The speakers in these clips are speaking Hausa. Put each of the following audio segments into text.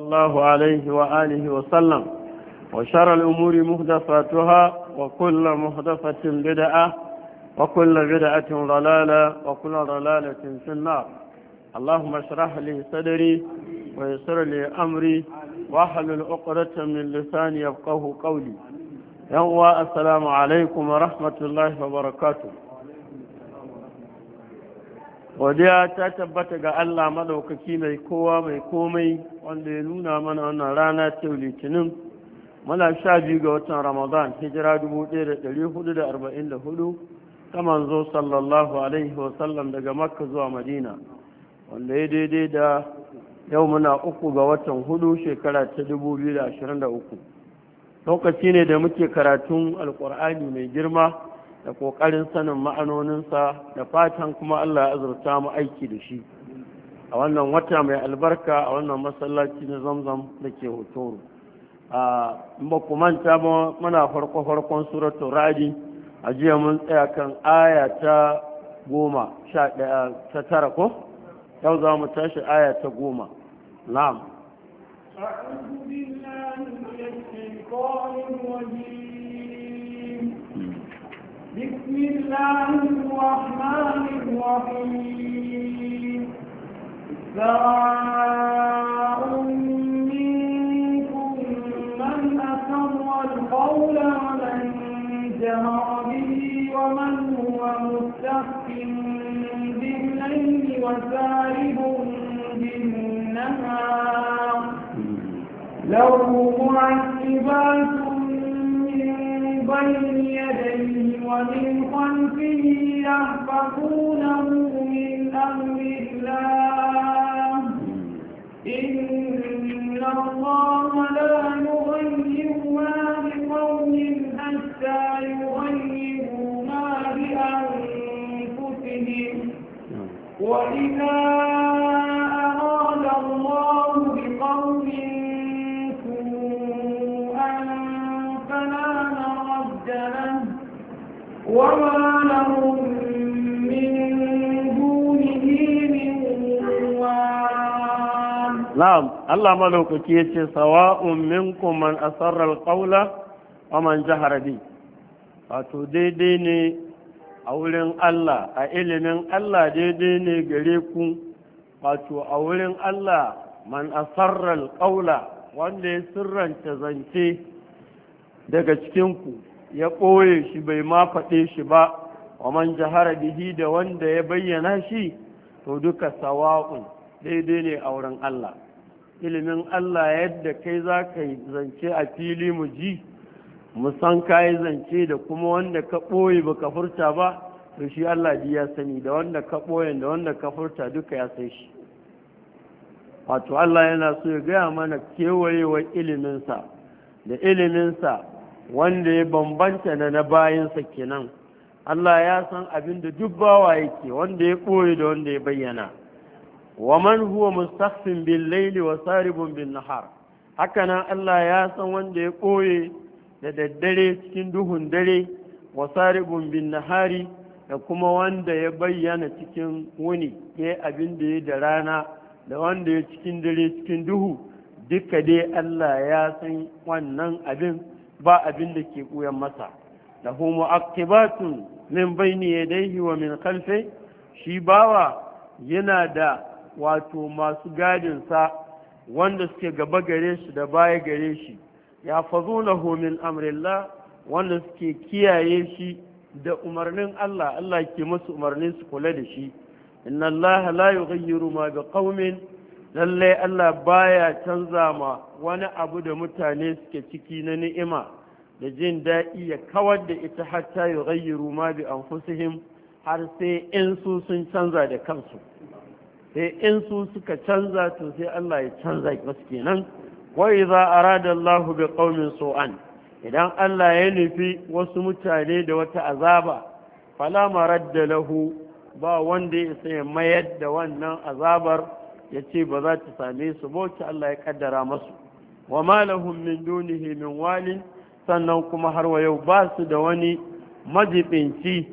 الله عليه وآله وسلم وشر الأمور مهدفاتها وكل مهدفة بدعة وكل بدعة ضلالة وكل ضلالة في النار اللهم اشرح لي صدري ويسر لي أمري واحلل عقدة من لساني يفقه قولي يوم السلام عليكم ورحمة الله وبركاته godiya ta tabbata ga Allah madaukaki mai kowa mai komai wanda ya nuna mana wannan rana ta litinin muna sha biyu ga watan ramadan hijira 1444 ta manzo sallallahu alaihi wasallam daga makka zuwa madina wanda ya daidai da yau muna uku ga watan hudu shekara ta 2023 lokaci ne da muke karatun alkur'ani mai girma da ƙoƙarin sanin ma'anoninsa da fatan kuma Allah ya azurta mu aiki da shi a wannan wata mai albarka a wannan masallaci na zamzam da ke hotoro a ba ku manta ba muna farko farkon suratu radi a jiya mun tsaya kan aya ta goma sha ɗaya ta tara ko yau za mu tashi aya ta goma na'am بسم الله الرحمن الرحيم سواء منكم من أسر القول ومن جهر به ومن هو مستخف بالليل وسارب بالنهار له معذبات من بين يديه ومن خلفه يحفظونه من أمر الله إن الله na'am Allah malaukaki yace sawa'un minkum man asarra alqawla wa man jahara bi wato daidai ne a wurin Allah a ilimin Allah daidai ne gare ku wato a wurin Allah man asarra alqawla wanda ya sirranta zance daga cikin ku ya ɓoye shi bai ma faɗe shi ba wa man jahara bihi da wanda ya bayyana shi to duka sawa'un daidai ne a wurin Allah ilimin Allah yadda kai za ka yi zance a fili mu ji musan ka yi zance da kuma wanda ka ɓoye ba ka furta ba to shi Allah ji ya sani da wanda ka ɓoye da wanda ka furta duka ya sai shi wato Allah yana so ya gaya mana kewayewar iliminsa da iliminsa wanda ya bambanta na na bayansa kenan Allah ya san abin da duk bawa yake wanda ya ɓoye da wanda ya bayyana wa man huwa mustaqfin bil laili wa saribun bin nahar haka nan Allah ya san wanda ya koye da daddare cikin duhun dare wa saribun bin nahari da kuma wanda ya bayyana cikin wuni ke abin da ya da rana da wanda ya cikin dare cikin duhu duka dai Allah ya san wannan abin ba abin da ke koyan masa lahu mu'aqibatun min bayni yadayhi wa min khalfi shi bawa yana da wato masu gadinsa wanda suke gaba gare shi da baya gare shi ya fazo na homin amrillah wanda suke kiyaye shi da umarnin Allah Allah ke masu umarnin su kula da shi inna Allah la yughayyiru ma bi qaumin lalle Allah baya canza ma wani abu da mutane suke ciki na ni'ima da jin daɗi ya kawar da ita hatta yughayyiru ma bi anfusihim har sai in su sun canza da kansu sai in su suka canza to sai Allah ya canza masu kenan wai za a rada Allah bi qaumin su'an idan Allah ya nufi wasu mutane da wata azaba fala maradda lahu ba wanda ya sai mayar da wannan azabar ya ce ba za ta same su ba wacce Allah ya kaddara masu wa ma min dunihi min walin sannan kuma har wa yau ba su da wani majibinci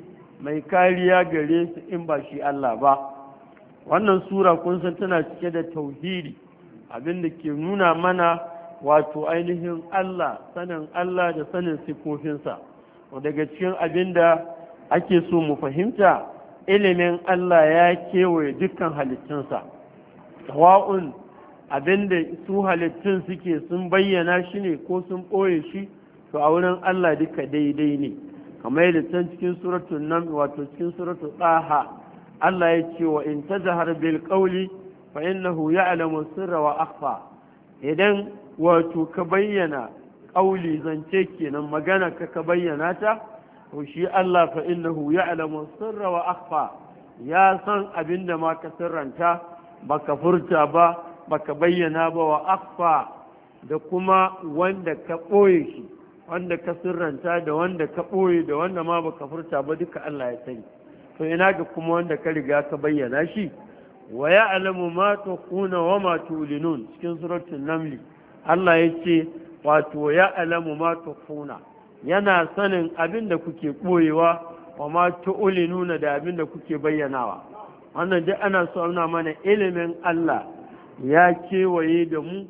mai kariya gare su in ba shi Allah ba wannan sura kun tana cike da tauhidi abinda ke nuna mana wato ainihin Allah sanin Allah da sanin sifofinsa daga cikin abinda ake so mu fahimta ilimin Allah ya kewaye dukkan halittunsa wa'un abinda su halittun suke sun bayyana shi ne ko sun ɓoye shi to a wurin Allah duka daidai ne kamar yadda can cikin suratun nan wato cikin suratun ɗaha Allah ya ce wa in tajhar bil qawli fa innahu ya'lamu sirra wa akhfa idan wato ka bayyana ƙauli zance kenan magana ka ka bayyana ta to shi Allah fa innahu ya'lamu sirra wa akhfa ya san abinda ma ka sirranta baka furta ba baka bayyana ba wa akhfa da kuma wanda ka ɓoye shi wanda ka sirranta da wanda ka ɓoye da wanda ma baka furta ba duka Allah ya sani to ina ga kuma wanda ka riga ka bayyana shi wa ya'lamu ma tuquna wa ma tulinun cikin suratul naml Allah yace wato ya'lamu ma tuquna yana sanin abin da kuke koyewa wa ma tulinuna da abin da kuke bayyanawa wannan duk ana so ana mana ilimin Allah ya kewaye da mu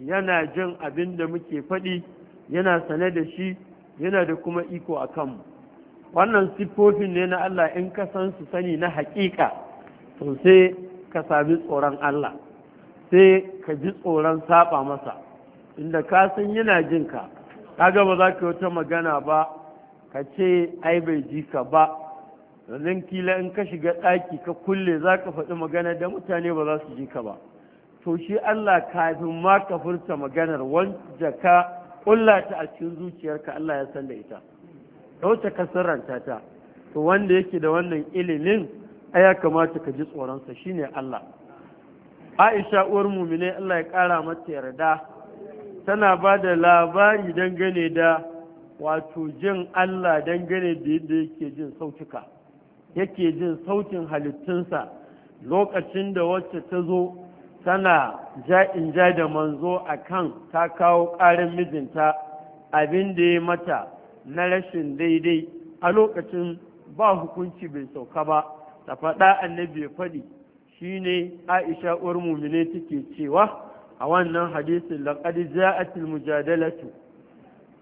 yana jin abin da muke faɗi yana sane da shi yana da kuma iko a kanmu wannan siffofin ne na Allah in ka san su sani na haƙiƙa to sai ka sami tsoron Allah sai ka ji tsoron saba masa inda ka san yana jin ka kaga ba za ka wata magana ba ka ce ai bai ji ka ba domin kila in ka shiga ɗaki ka kulle za ka faɗi magana da mutane ba za su ji ka ba to shi Allah kafin ma ka furta maganar wanda ka ƙulla a cikin zuciyarka Allah ya san da ita Ka wacce ka ta to wanda yake da wannan ilimin ya kamata ka ji tsoronsa shine Allah Aisha uwar mumine Allah ya ƙara mata yarda tana ba da labari dangane da wato jin Allah dangane da yadda yake jin sautuka yake jin sautin halittunsa lokacin da wacce ta zo tana ja'in ja da manzo a kan ta kawo ƙarin mijinta abin da ya mata na rashin daidai a lokacin ba hukunci bai sauka ba ta faɗa annabi ya faɗi shi ne aisha uwar mumine take cewa a wannan hadisin laqad ja'atil mujadalatu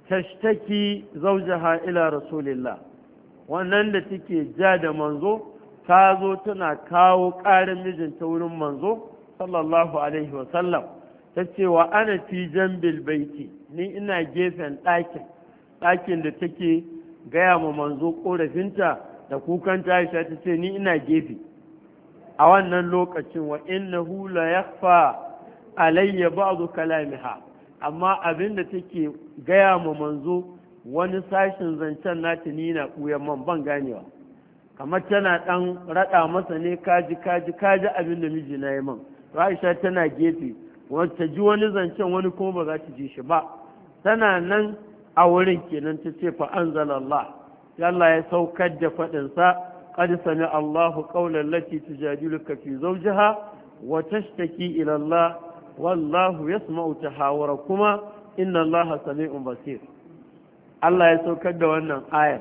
tashtaki zawjaha ila rasulillah wannan da take ja da manzo ta zo tana kawo ƙarin mijinta wurin manzo sallallahu alaihi wasallam ta ce wa ana fi jambil baiti ni ina gefen ɗakin ɗakin da take gaya ma manzo ƙorafinta da kukan ta aisha ta ce ni ina gefe a wannan lokacin wa hula ya fa alayya ba'du kalamiha amma abin da take gaya ma manzo wani sashen zancen nata ni na ɓuyan man ban ganewa kamar tana ɗan raɗa masa ne kaji kaji kaji abin da miji na yi man aisha tana gefe wata ji wani zancen wani kuma ba za ta ji shi ba tana nan a wurin kenan ta ce fa anzala Allah ya saukar da fadin sa qad sami Allah qawlan lati tujadiluka fi zawjiha wa tashtaki ila Allah wallahu yasma'u kuma. inna Allah sami'un basir Allah ya saukar da wannan aya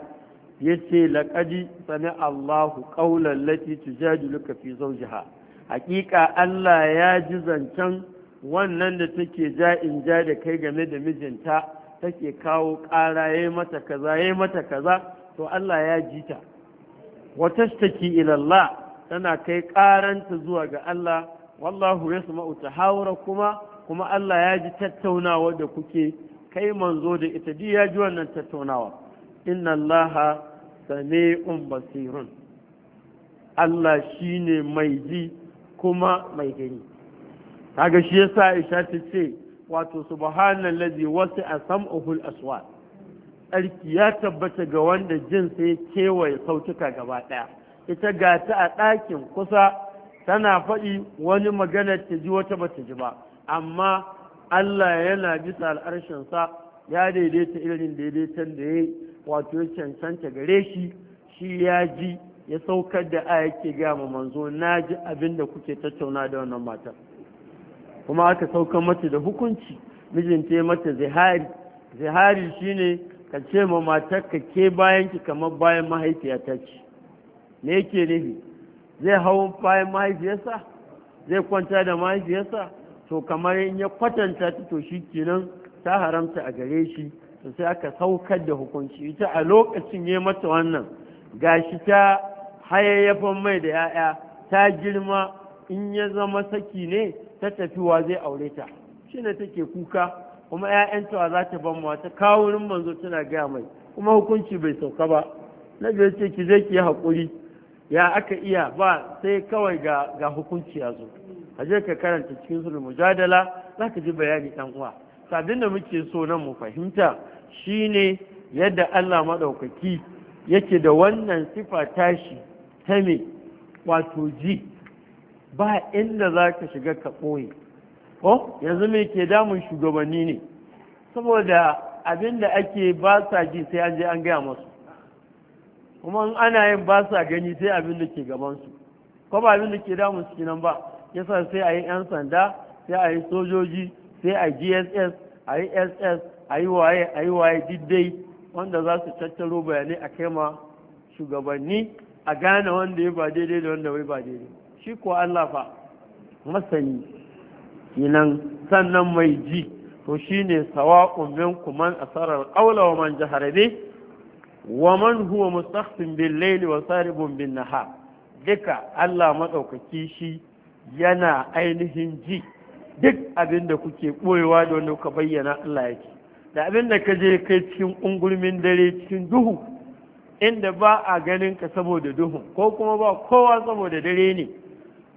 yace laqad sami Allah qawlan lati tujadiluka fi zawjiha haqiqa Allah ya ji zancan wannan da take ja in ja da kai game da mijinta take kawo ƙara ya mata kaza ya mata kaza to Allah ya ji ta wata shtaki ilallah tana kai ƙaranta zuwa ga Allah wallahu ya sama tahawura kuma kuma Allah ya ji tattaunawa da kuke kai manzo da ita duk ya ji wannan tattaunawa inna Allah sami'un basirun Allah shine mai ji kuma mai gani kaga shi yasa Aisha ta ce wato subhanallazi wasi'a sam'uhul aswat tsarki ya tabbata ga wanda jin sai kewaye sautuka gaba ɗaya ita ga ta a ɗakin kusa tana faɗi wani magana ta ji wata bata ji ba amma Allah yana bisa sa ya daidaita irin daidaitan da ya wato ya cancanta gare shi shi ya ji ya saukar da a yake gama manzo na ji abin kuke tattauna da wannan matar kuma aka sauka mata da hukunci mijinta ya mata zihari zihari shine ka ce ma matarka ke bayan ki kamar bayan mahaifiyata ce me yake nufi zai hau bayan mahaifiyarsa zai kwanta da mahaifiyarsa to kamar in ya kwatanta ta to shi kenan ta haramta a gare shi to sai aka saukar da hukunci ita a lokacin ya mata wannan gashi ta hayayyafan mai da 'ya'ya ta girma in ya zama saki ne ta tafiwa zai aure ta shi ne take kuka kuma 'ya'yanta za ta ban mawa ta kawo wurin manzo tana gaya mai kuma hukunci bai sauka ba na biyar ce ki zai ki yi haƙuri ya aka iya ba sai kawai ga, ga hukunci ya zo a je ka karanta cikin da mujadala za ka ji bayani ɗan uwa sabin da muke so nan mu fahimta shine yadda Allah maɗaukaki yake da wannan sifa tashi ta me wato ji ba inda za ka shiga ka ɓoye ko yanzu mai ke damun shugabanni ne saboda abin da ake ba sa ji sai an je an gaya masu kuma in ana yin ba sa gani sai abin da ke gabansu ko ba abin da ke damun su kinan ba yasa sai a yi 'yan sanda sai a yi sojoji sai a gss a yi ss a yi waye a yi waye diddai wanda za su tattaro bayanai a kai ma shugabanni a gane wanda ya ba daidai da wanda bai ba daidai shi ko Allah fa masani kinan sannan mai ji to shine sawa'un minkum man asara al-qawla wa man jahara bi wa man huwa mustakhfin bil layli wa saribun bin nahar duka Allah madaukaki shi yana ainihin ji duk abin da kuke ɓoyewa da wanda kuka bayyana Allah yake da abin da ka je kai cikin ungulmin dare cikin duhu inda ba a ganin ka saboda duhu ko kuma ba kowa saboda dare ne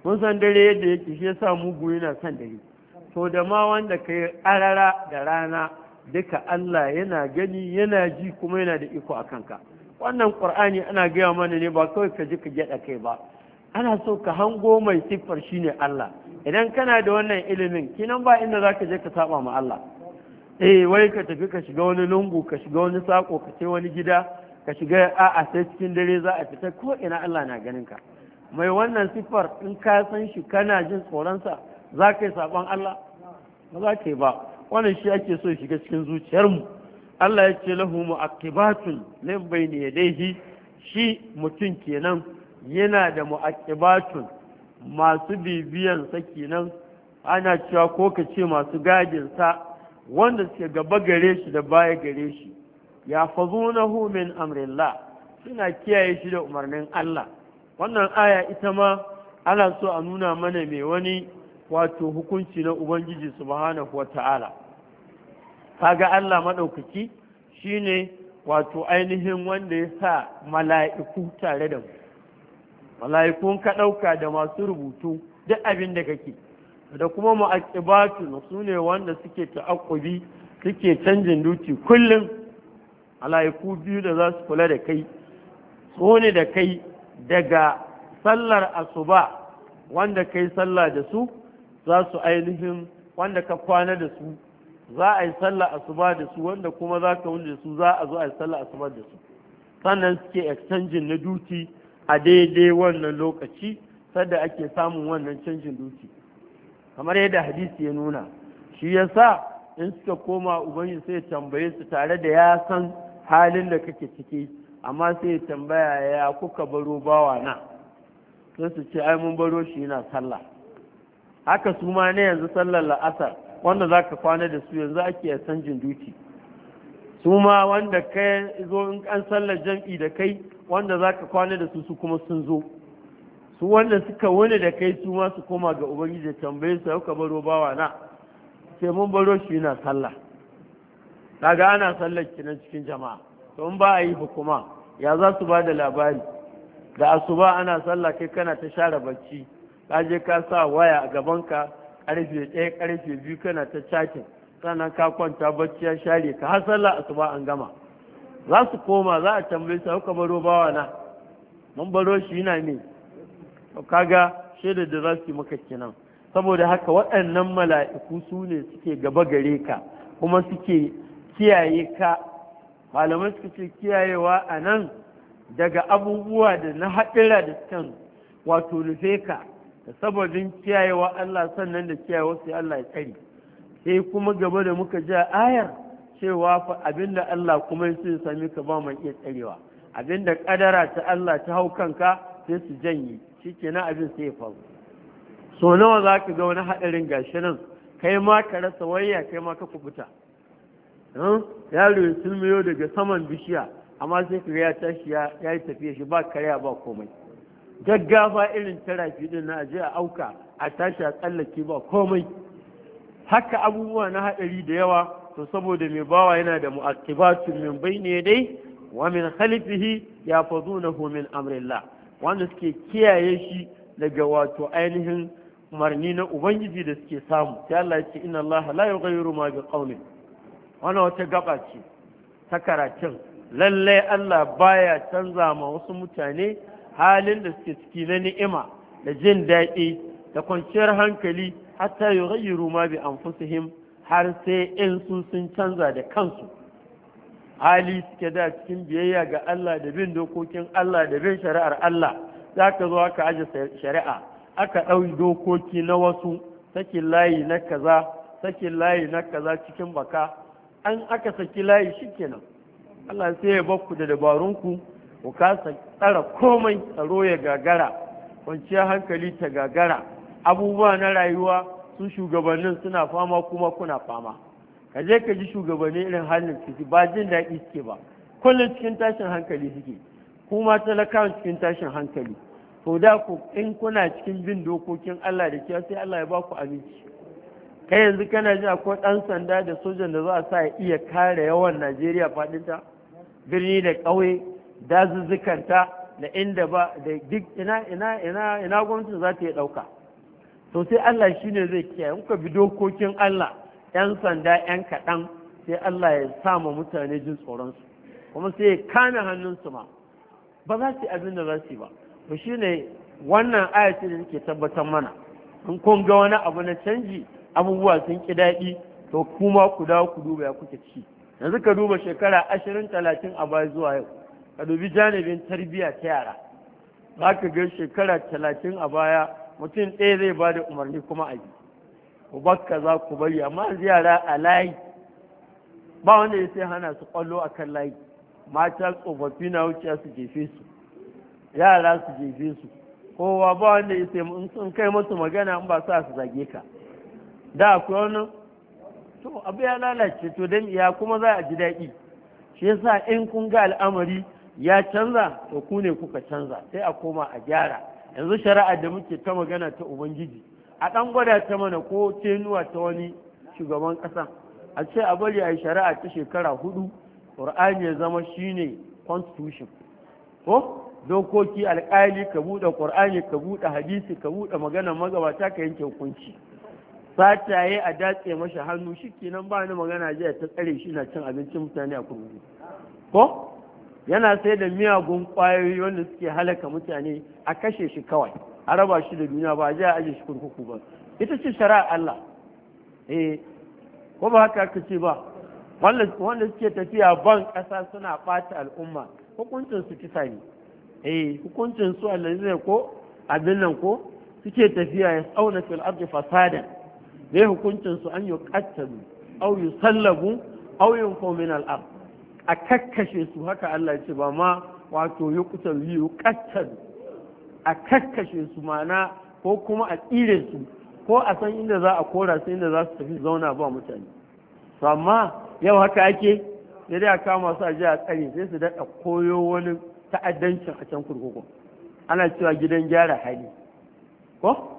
mun san dare yadda yake shi yasa mugu yana san dare to da ma wanda ka yi arara da rana duka Allah yana gani yana ji kuma yana da iko a kanka wannan qur'ani ana gaya mana ne ba kawai ka ji ka gyada kai ba ana so ka hango mai siffar shine Allah idan kana da wannan ilimin kinan ba inda zaka je ka saba ma Allah eh wai ka tafi ka shiga wani lungu ka shiga wani sako ka ce wani gida ka shiga a'a sai cikin dare za a fita ko ina Allah na ganin ka mai wannan siffar in ka san shi kana jin tsoronsa za ka yi Allah ba za ka yi ba wannan shi ake so shiga cikin zuciyarmu Allah ya ce lahu mu'aqibatun ne bayni yadayhi shi mutum kenan yana da mu'aqibatun masu bibiyan sa kenan ana cewa ko ka ce masu gadin sa wanda suke gaba gare shi da baya gare shi ya fazunahu min amrillah suna kiyaye shi da umarnin Allah wannan aya ita ma ana so a nuna mana mai wani wato hukunci na ubangiji subhanahu Ka ga Allah maɗaukaki shine wato ainihin wanda ya sa mala'iku tare da mu mala'ikun ka ɗauka da masu rubutu duk abin da kake da kuma mu'aqibatu su ne wanda suke ta'aqqubi suke canjin duti kullum mala'iku biyu da za su kula da kai su ne da kai daga sallar asuba wanda kai sallah da su za su ainihin wanda ka kwana da su za a yi sallah asuba da su wanda kuma za ka wuni su za a zo a yi sallah asuba da su sannan suke exchanging na duti a daidai wannan lokaci sadda ake samun wannan canjin duti kamar yadda hadisi ya nuna shi ya sa in suka koma ubangiji sai tambaye su tare da ya san halin da kake ciki amma sai tambaya ya kuka baro bawa na sai su ce ai mun baro shi yana sallah haka su ma ne yanzu sallar la'asar wanda za ka kwana da su yanzu ake a canjin duki su ma wanda ka zo in an sallar jam'i da kai wanda za ka kwana da su su kuma sun zo su wanda suka wani da kai su ma su koma ga ubangiji da tambaye su ka baro bawa na sai mun baro shi yana sallah Daga ana sallar kinan cikin jama'a to in ba a yi hukuma ya za su ba da labari da asuba ana sallah kai kana ta share bacci ka je ka sa waya a ka karfe ɗaya karfe biyu kana ta cakin sannan ka kwanta bacci ya share ka har sallah asuba an gama za su koma za a tambaye su hauka baro bawa na mun baro shi yana ne kaga shaida da za su yi maka kenan saboda haka waɗannan mala'iku su ne suke gaba gare ka kuma suke kiyaye ka malamai suka ce kiyayewa a nan daga abubuwa da na haɗira da can wato rufe ka da sababin kiyayewa Allah sannan da kiyayewa sai Allah ya tsari sai kuma gaba da muka ja ayar cewa fa abinda Allah kuma ya ya sami ka ba mai iya tsarewa abinda kadara ta Allah ta hau kanka sai su janye shikenan abin sai ya faru so nawa za ka ga wani haɗarin gashi nan kai ma ka rasa wayya kai ma ka kubuta yaro ya sulmiyo daga saman bishiya amma sai kare ya tashi ya yi tafiya shi ba karya ba komai gaggafa irin tarafi din na aje a auka a tashi a tsallake ba komai haka abubuwa na haɗari da yawa to saboda mai bawa yana da mu'aqibatun min bayni dai wa min khalifihi na min amrillah wanda suke kiyaye shi daga wato ainihin umarni na ubangiji da suke samu sai Allah ya ce inna Allah la yughayyiru ma wani wata gaba ce ta karatun lallai Allah baya canza ma wasu mutane halin da suke ciki na ni'ima da jin daɗi da kwanciyar hankali hatta yi rayu ma bi anfusihim har sai in su sun canza da kansu hali suke da cikin biyayya ga Allah da bin dokokin Allah da bin shari'ar Allah za ka zo aka aje shari'a aka ɗauki dokoki na wasu sakin layi na kaza sakin layi na kaza cikin baka an aka saki layi shikenan Allah sai ya bakku da dabarun ku Ku kasa tsara komai tsaro ya gagara Kwanciya hankali ta gagara abubuwa na rayuwa su shugabannin suna fama kuma kuna fama ka je ka ji shugabanni irin halin ciki ba jin daɗi suke ba kullum cikin tashin hankali suke kuma talakawan cikin tashin hankali to da ku in kuna cikin bin dokokin Allah da kiyaye sai Allah ya ba ku aminci kai yanzu kana jin akwai ɗan sanda da sojan da za a sa iya kare yawan najeriya faɗinta birni da ƙauye dazuzzukanta da inda ba da duk ina ina ina ina gwamnati za ta yi ɗauka to sai allah shine zai kiyaye kuka bi dokokin allah yan sanda yan kaɗan sai allah ya sa ma mutane jin tsoronsu kuma sai ya kana hannunsu ma ba za su yi abin da za su yi ba to shine wannan ayatun da ke tabbatar mana in kun ga wani abu na canji abubuwa sun ki daɗi to kuma ku dawo ku duba ya kuke ci yanzu ka duba shekara ashirin talatin a baya zuwa yau ka dubi janibin tarbiyya ta yara za ka ga shekara talatin a baya mutum ɗaya zai bada umarni kuma a yi ku bakka za ku bari amma yanzu yara a layi ba wanda ya sai hana su kwallo a kan layi mata tsofaffi na wuce su jefe su yara su jefe su kowa ba wanda ya sai in kai masu magana in ba sa su zage ka da akwai wannan to abu ya lalace to dan ya kuma za a ji daɗi shi yasa in kun ga al'amari ya canza to ku ne kuka canza sai a koma a gyara yanzu shari'a da muke ta magana ta ubangiji a ɗan gwada ta mana ko tenuwa ta wani shugaban ƙasa a ce a bari a yi shari'a ta shekara hudu ƙur'ani ya zama shine constitution ko dokoki alƙali ka buɗe ƙur'ani ka buɗe hadisi ka buɗe magana magabata ka yanke hukunci fataye a datse masa hannu shi kenan ba ni magana jiya ta tsare shi na cin abincin mutane a kurkuku ko yana sai da miyagun kwayoyi wanda suke halaka mutane a kashe shi kawai a raba shi da duniya ba a a aje shi kurkuku ba ita ce shari'a Allah eh ko ba haka aka ce ba wanda suke tafiya ban ƙasa suna ɓata al'umma hukuncin su kisa ne eh hukuncin su Allah ko abin nan ko suke tafiya ya tsauna fil ardi fasada. Zai hukuncin su an yuqattalu aw yusallabu aw yunfu min a kakkashe su haka Allah ce ba ma wato yi yuqattalu a kakkashe su mana ko kuma a tsire su ko a san inda za a kora su inda za su tafi zauna ba mutane to amma yau haka ake sai dai a kama su a ji a tsare sai su daɗa koyo wani ta'addancin a can kurkuku ana cewa gidan gyara hali ko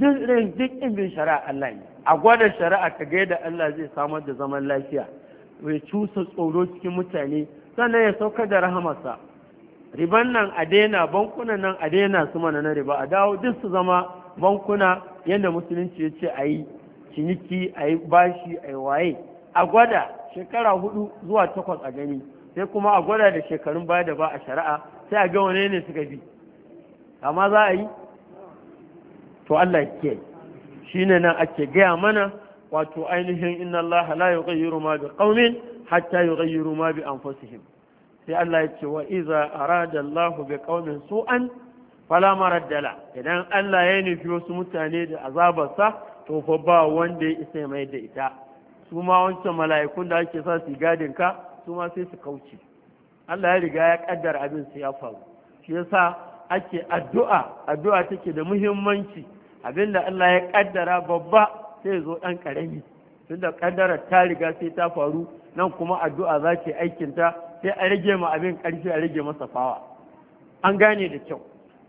duk irin duk shari'a Allah ne a gwada shari'a ka ga yadda Allah zai samar da zaman lafiya mai cusa tsoro cikin mutane sannan ya sauka da rahamarsa riban nan a daina bankunan nan a daina su mana na riba a dawo duk su zama bankuna yadda musulunci ya ce a yi ciniki a yi bashi a yi waye a gwada shekara hudu zuwa takwas a gani sai kuma a gwada da shekarun baya da ba a shari'a sai a ga wane ne suka bi amma za a yi to Allah ke shine nan ake gaya mana wato ainihin inna Allah la yughayyiru ma bi qaumin hatta yughayyiru ma bi anfusihim sai Allah ya ce wa iza arada Allah bi qaumin su'an fala maraddala idan Allah ya nufi wasu mutane da azabarsa to fa ba wanda ya isa mai da ita su ma wancan mala'ikun da ake sa su gadin ka su ma sai su kauce Allah ya riga ya kaddara abin su ya faru shi yasa ake addu'a addu'a take da muhimmanci abinda Allah ya kaddara babba sai zo ɗan karami tunda kaddarar ta riga sai ta faru nan kuma addu'a za ta aikin ta sai a rage ma abin karfi a rage masa fawa an gane da kyau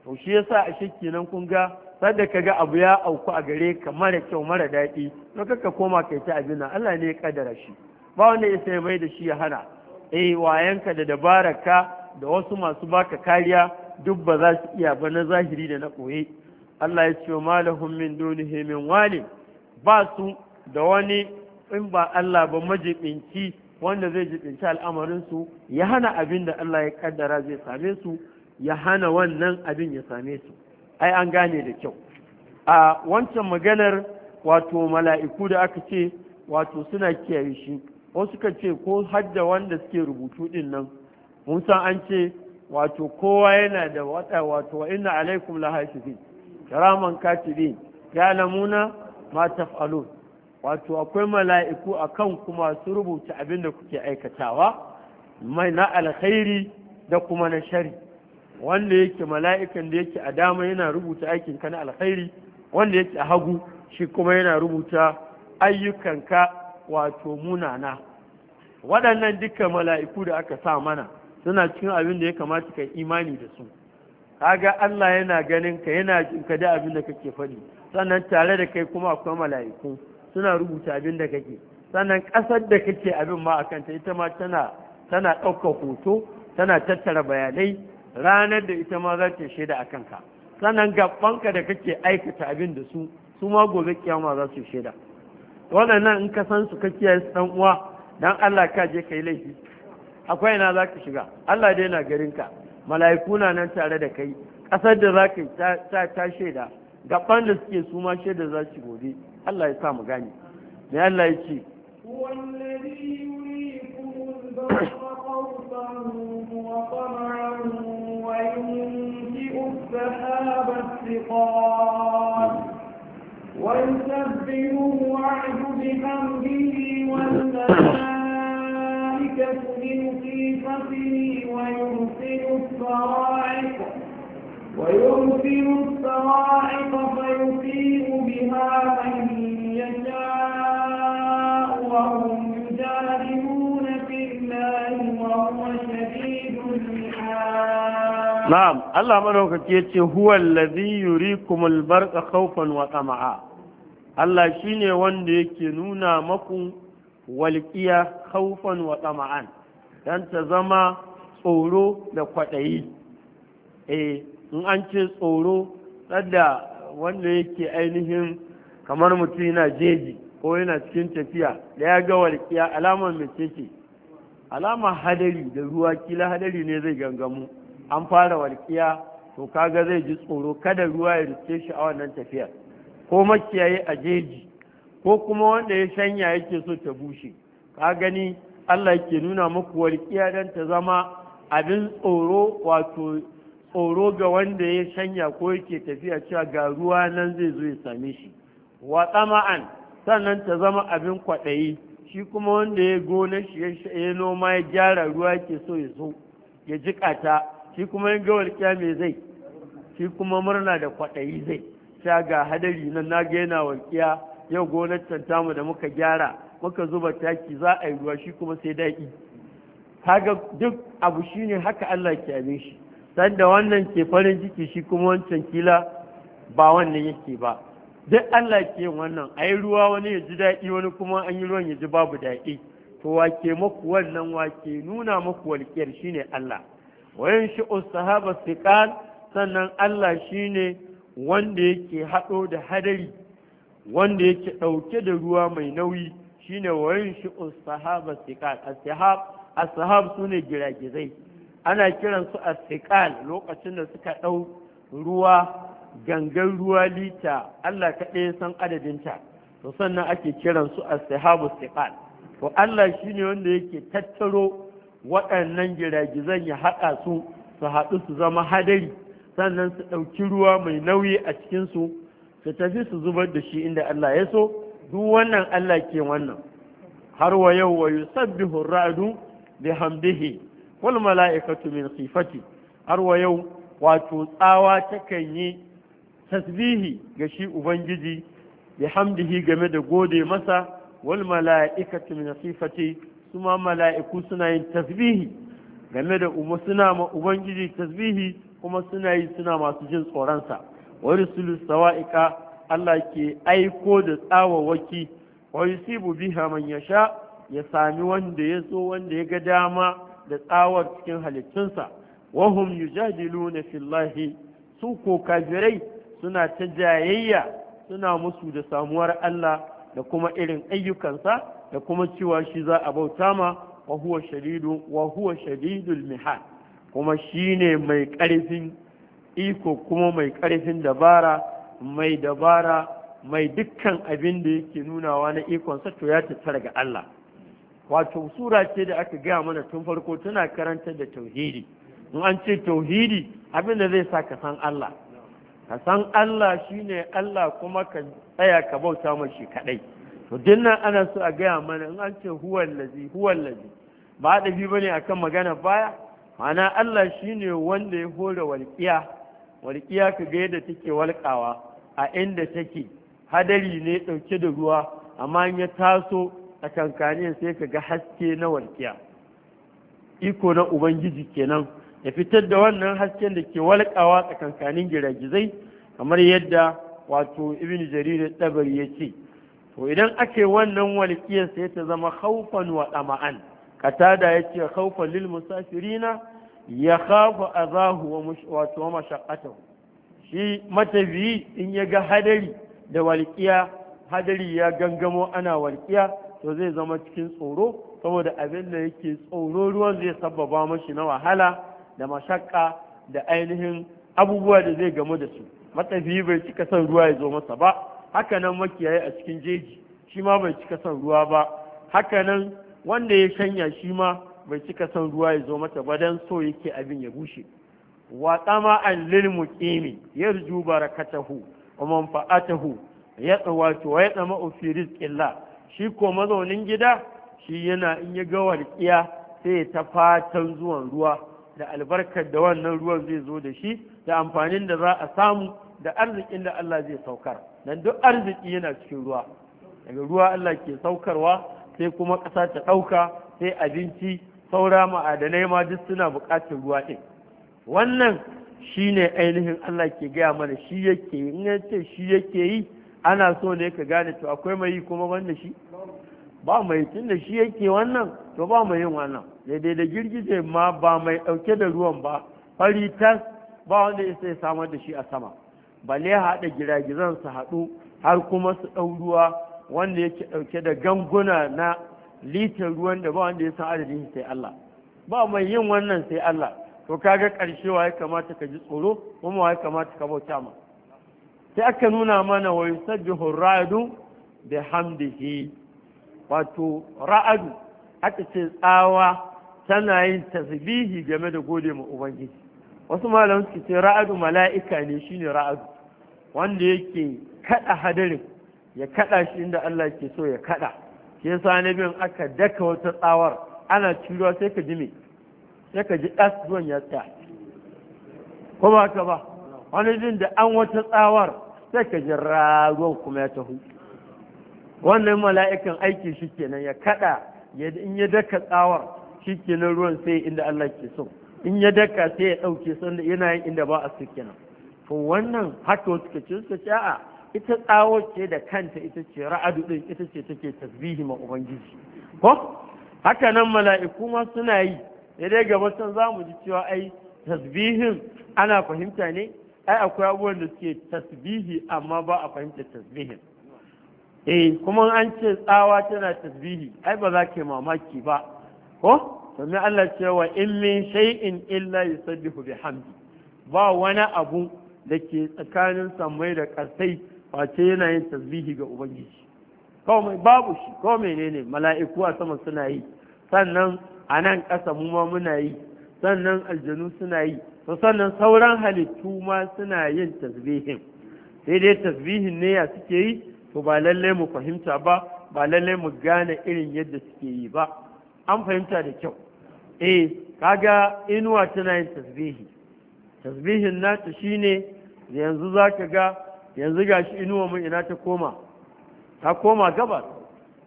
to shi yasa a shakki nan kun ga sadda ka ga abu ya auku a gare ka mara kyau mara daɗi to kaka koma kai ta abin nan Allah ne ya kaddara shi ba wanda ya sai mai da shi ya hana eh wayanka da dabararka da wasu masu baka kariya duk ba za su iya ba na zahiri da na koye Allah ya ce malahum min dunihi min wali ba su da wani in ba Allah ba majibinci wanda zai jibinci al'amarin su ya hana abin da Allah ya kaddara zai same su ya hana wannan abin ya same su ai an gane da kyau a wancan maganar wato mala'iku da aka ce wato suna kiyaye shi wasu ka ce ko hadda wanda suke rubutu din nan mun san an ce wato kowa yana da wata wato wa inna alaikum la haifizin kiraman katibi ya lamuna ma wato akwai mala'iku akan kuma su rubuta abin da kuke aikatawa mai na alkhairi da kuma na shari wanda yake mala'ikan da yake a dama yana rubuta aikin ka na alkhairi wanda yake a hagu shi kuma yana rubuta ayyukanka wato munana waɗannan dukkan mala'iku da aka sa mana suna cikin abin da ya kamata ka imani da su kaga Allah yana ganin ka yana jin ka da abin da kake faɗi sannan tare da kai kuma akwai mala'iku suna rubuta abin da kake sannan ƙasar da kake abin ma a kanta ita ma tana tana ɗaukar hoto tana tattara bayanai ranar da ita ma za ta shaida a kanka sannan gabanka da kake aikata abin da su su ma gobe kiyama za su shaida waɗannan in ka san su ka kiyaye su dan uwa dan Allah ka je kai laifi akwai ina za ka shiga Allah dai na garin ka mala'iku na nan tare da kai ƙasar da za ka yi ta shaida gaban da suke su ma shaida za su gode Allah ya sa mu gani me Allah ya ce السحاب الثقال ويسبح الوعد بحمده والملائكة يكمل في فصله ويرسل الصواعق ويرسل الصواعق فيصيب بها من يشاء وهم يجادلون في الله وهو شديد نعم الله ملوك يتي هو الذي يريكم البرق خوفا وطمعا الله شيني وندي wanda yake walƙiya haufan wa tsama'an don ta zama tsoro da kwaɗayi eh in an ce tsoro tsada wanda yake ainihin kamar mutum yana jeji ko yana cikin tafiya da ya ga walƙiya alamar mace ce alama hadari da ruwa kila hadari ne zai gangamu an fara walƙiya to kaga zai ji tsoro kada ruwa ya rike shi a wannan tafiyar ko makiyayi a jeji ko kuma wanda ya shanya yake so ta bushe ka gani Allah ke nuna muku walƙiya don ta zama abin tsoro wato tsoro ga wanda ya shanya ko yake tafiya cewa ga ruwa nan zai zo ya same shi wa tsama'an sannan ta zama abin kwaɗayi shi kuma wanda ya gona shi ya noma ya gyara ruwa ke so ya so ya jikata shi kuma yin gawar me zai shi kuma murna da kwaɗayi zai sha ga hadari nan na gaina yana walƙiya yau gonar mu da muka gyara muka zuba taki za a yi ruwa shi kuma sai daɗi kaga duk abu shine haka Allah ke abin shi sanda wannan ke farin ciki shi kuma wancan kila ba wannan yake ba duk Allah ke wannan a yi ruwa wani ya ji daɗi wani kuma an yi ruwan ya ji babu daɗi to wake maku wannan wake nuna maku walƙiyar shine Allah wayan shi sahaba siqal sannan Allah shine wanda yake haɗo da hadari wanda yake ɗauke da ruwa mai nauyi shine wayin shi as-sahab ashab sahab sune giragizai ana kiransu su asikal lokacin da suka ɗau ruwa gangan ruwa lita Allah kaɗai san adadinta to sannan ake kiransu su sahabu sikal to Allah shine wanda yake tattaro waɗannan giragizan ya haɗa su su haɗu su zama hadari sannan su ɗauki ruwa mai nauyi a cikinsu su tafi su zubar da shi inda Allah ya so duk wannan Allah ke wannan har wa yau wa yusabbihu ar-ra'du hamdihi wal mala'ikatu min sifati har wa yau wato tsawa takan yi tasbihi ga shi ubangiji hamdihi game da gode masa wal mala'ikatu min su kuma mala'iku suna yin tasbihi game da suna ma ubangiji tasbihi kuma suna yi suna masu jin tsoronsa wa yursilu ika, Allah ke aiko da tsawawaki wa yusibu biha man yasha ya sami wanda ya so wanda ya ga dama da tsawar cikin halittunsa wa hum na fillahi su ko kafirai suna ta jayayya suna musu da samuwar Allah da kuma irin ayyukansa da kuma cewa shi za a bauta ma wa huwa shadidul mihal kuma ne mai ƙarfin iko kuma mai ƙarfin dabara mai dabara mai dukkan abin da yake nunawa na sa to ya tattara ga Allah wato sura ce da aka gaya mana tun farko tana karantar da tauhidi in an ce tauhidi abin da zai sa ka san Allah ka san Allah shine Allah kuma ka tsaya ka bauta mashi kadai to dinnan ana so a gaya mana in an ce huwal ladzi ba da bi bane akan magana baya ma'ana Allah shine wanda ya hore walƙiya walƙiya ka ga yadda take walƙawa a inda take hadari ne ɗauke da ruwa amma in ya taso a kankanin sai ka ga haske na walƙiya iko na ubangiji kenan ya fitar da wannan hasken da ke walƙawa a kankanin giragizai kamar yadda wato ibn jarir dabar ya ce to idan ake wannan walƙiyar sai ta zama haufan wa ɗama'an katada ya ce khaufan lil musafirina ya khafu azahu wato wa shi matafiyi in ya ga hadari da walƙiya hadari ya gangamo ana walƙiya to zai zama cikin tsoro saboda abin da yake tsoro ruwan zai sababa mashi na wahala da mashakka da ainihin abubuwa da zai gamu da su matafiyi bai cika son ruwa ya zo masa ba haka nan makiyayi a cikin jeji shi ma bai cika son ruwa ba haka nan wanda ya shanya shi ma bai cika son ruwa ya zo mata ba don so yake abin ya bushe wa tama'an lil muqimi yarju barakatahu wa manfa'atahu ya tsawato wa ya tsama fi rizqillah shi ko mazaunin gida shi yana in ya ga walƙiya sai ta fatan zuwan ruwa da albarkar da wannan ruwan zai zo da shi da amfanin da za a samu da arzikin da Allah zai saukar nan duk arziki yana cikin ruwa daga ruwa Allah ke saukarwa sai kuma ƙasa ta ɗauka sai abinci saura ma'adanai ma duk suna buƙatar ruwa ɗin wannan shi ne ainihin Allah ke gaya mana shi yake yi in ce shi yake yi ana so ne ka gane to akwai mai yi kuma wanda shi ba mai tun da shi yake wannan to ba mai yin wannan daidai da girgije ma ba mai ɗauke da ruwan ba fari tas ba wanda ya sai samar da shi a sama balle haɗa giragizan su haɗu har kuma su ɗau ruwa wanda yake ɗauke da ganguna na Litin ruwan da ba wanda ya san adadin shi sai Allah ba mai yin wannan sai Allah to kaga ƙarshe wa ya kamata ka ji tsoro kuma wa ya kamata ka bauta ma sai aka nuna mana wa yusabbihu ra'adu bi hamdihi wato ra'adu aka ce tsawa tana yin tasbihi game da gode ma ubangiji wasu malamu suke ce ra'adu mala'ika ne shine ra'adu wanda yake kada hadarin ya kada shi inda Allah ke so ya kada shi yasa na aka daka wata tsawar ana ciro sai ka ji me sai ka ji ɗas ruwan ya tsaya ko ba ka ba wani jin da an wata tsawar sai ka ji ruwan kuma ya taho wannan mala'ikan aiki shi kenan ya kada in ya daka tsawar shi kenan ruwan sai inda Allah ke so in ya daka sai ya ɗauke sanda yana yin inda ba a su kenan to wannan haka wasu suka ce suka ce a'a ita tsawo ce da kanta ita ce ra'adu din ita ce take tasbihi ma ubangiji ko haka nan mala'iku ma suna yi da dai gaba can za mu ji cewa ai tasbihin ana fahimta ne ai akwai abubuwan da suke tasbihi amma ba a fahimta tasbihin eh kuma an ce tsawa tana tasbihi ai ba za ka mamaki ba ko domin Allah cewa in min shay'in illa yusabbihu bihamdi ba wani abu da ke tsakanin samai da ƙasai face yana yin tasbihi ga ubangiji kawai babu shi ko menene mala'iku a sama suna yi sannan a nan ƙasa mu ma muna yi sannan aljanu suna yi to sannan sauran halittu ma suna yin tasbihin sai dai tasbihin ne ya suke yi to ba lallai mu fahimta ba ba lallai mu gane irin yadda suke yi ba an fahimta da kyau eh kaga inuwa tana yin tasbihi tasbihin nata shine yanzu zaka ga yanzu gashi inuwa mun ina ta koma ta koma gabas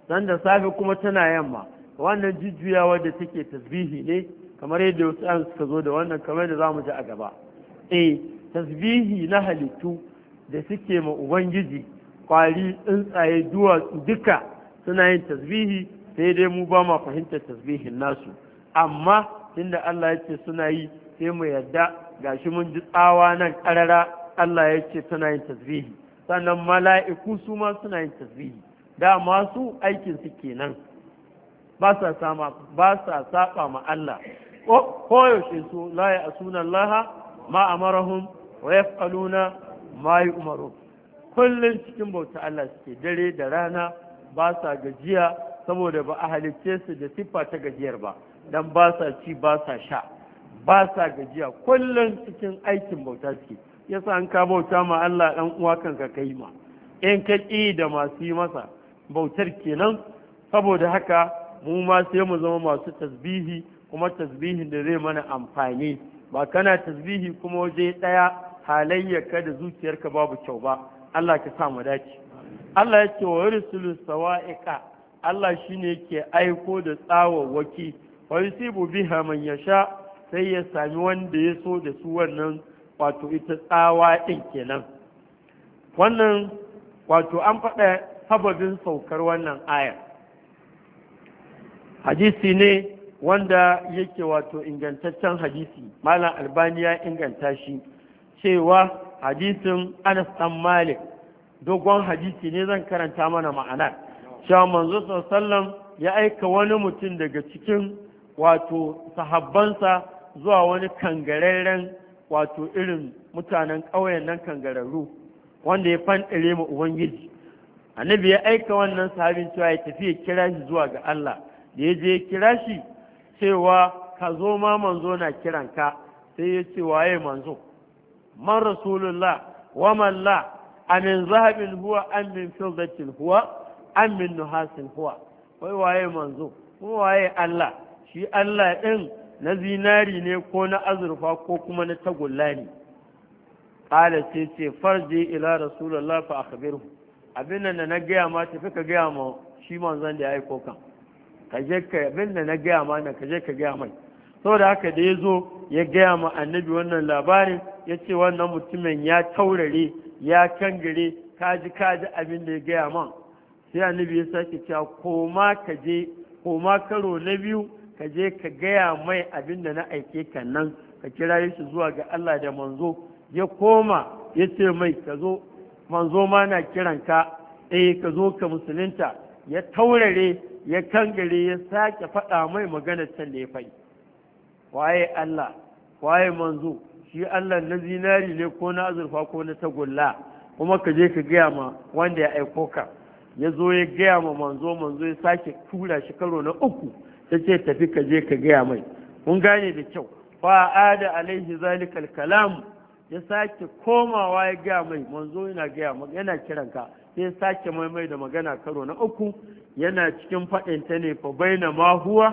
dan da safe kuma tana yamma wannan jujjuyawa da take tasbihi ne kamar yadda wasu suka zo da wannan kamar da za mu ji a gaba eh tasbihi na halittu da suke ma ubangiji kwari tsuntsaye duwatsu duka suna yin tasbihi sai dai mu ba ma fahimtar tasbihin nasu amma tunda Allah ya ce suna yi sai mu yarda gashi mun ji tsawa nan ƙarara. Allah ya ce tana yin tasbihi sannan mala'iku su ma suna yin tasbihi da masu aikin su kenan ba sa ba saba ma Allah ko yaushe su laye a sunan laha ma marahun wa faluna ma Umaru kullum cikin bauta Allah suke dare da rana ba sa gajiya saboda ba a halicce su da siffa ta gajiyar ba don ba sa ci ba sa sha ba sa gajiya kullum cikin aikin bauta suke yasa an ka bauta ma Allah ɗan uwa ka kai ma in ka da masu yi masa bautar kenan saboda haka mu ma sai mu zama masu tasbihi kuma tasbihin da zai mana amfani ba kana tasbihi kuma waje ɗaya halayyarka da zuciyarka babu kyau ba Allah ka sa mu dace Allah ya ce wa yursulu sawa'iqa Allah shine yake aiko da tsawawaki wa yusibu biha man yasha sai ya sami wanda ya so da su wannan wato ita tsawa ɗin kenan wannan wato an faɗa sababin saukar wannan aya hadisi ne wanda yake wato ingantaccen hadisi malam albani ya inganta shi cewa hadisin anas dan malik dogon hadisi ne zan karanta mana ma'ana cewa manzo sallam ya aika wani mutum daga cikin wato sahabbansa zuwa wani kangararren wato irin mutanen ƙauyen nan kan kangararru wanda ya fanɗare mu ubangiji annabi ya aika wannan sahabin cewa ya tafi kira shi zuwa ga Allah da ya je ya kira shi cewa ka zo ma manzo na kiranka sai ya ce waye manzo man rasulullah wa man la amin zahabin huwa an min fildatin huwa an min nuhasin huwa wai waye manzo ko waye Allah shi Allah din na zinari ne ko na azurfa ko kuma na tagulla ne ƙala ce ce farji ila rasulullah fa akhbiru abin nan na gaya ma tafi ka gaya ma shi manzon da ya aiko kan ka je ka abin nan na gaya ma na ka ka gaya mai saboda haka da ya zo ya gaya ma annabi wannan labarin ya ce wannan mutumin ya taurare ya kangare kaji kaji abin da ya gaya man sai annabi ya sake cewa koma ka koma karo na biyu ka je ka gaya mai abin da na aike ka nan ka kira shi zuwa ga Allah da manzo ya koma ya ce mai ka zo manzo ma na kiranka eh ka zo ka musulunta ya taurare ya kangare ya sake faɗa mai maganar can da ya fai waye Allah waye manzo shi Allah na zinari ne ko na azurfa ko na tagulla kuma ka je ka gaya ma wanda ya aiko ka ya zo ya gaya ma manzo manzo ya sake tura shekaru na uku ta ce tafi ka je ka gaya mai kun gane da kyau ada alaihi zalikal kalam ya sake komawa ya gaya mai manzo yana gaya yana kiranka sai sake maimai da magana karo na uku yana cikin faɗin ta ne fa baina ma huwa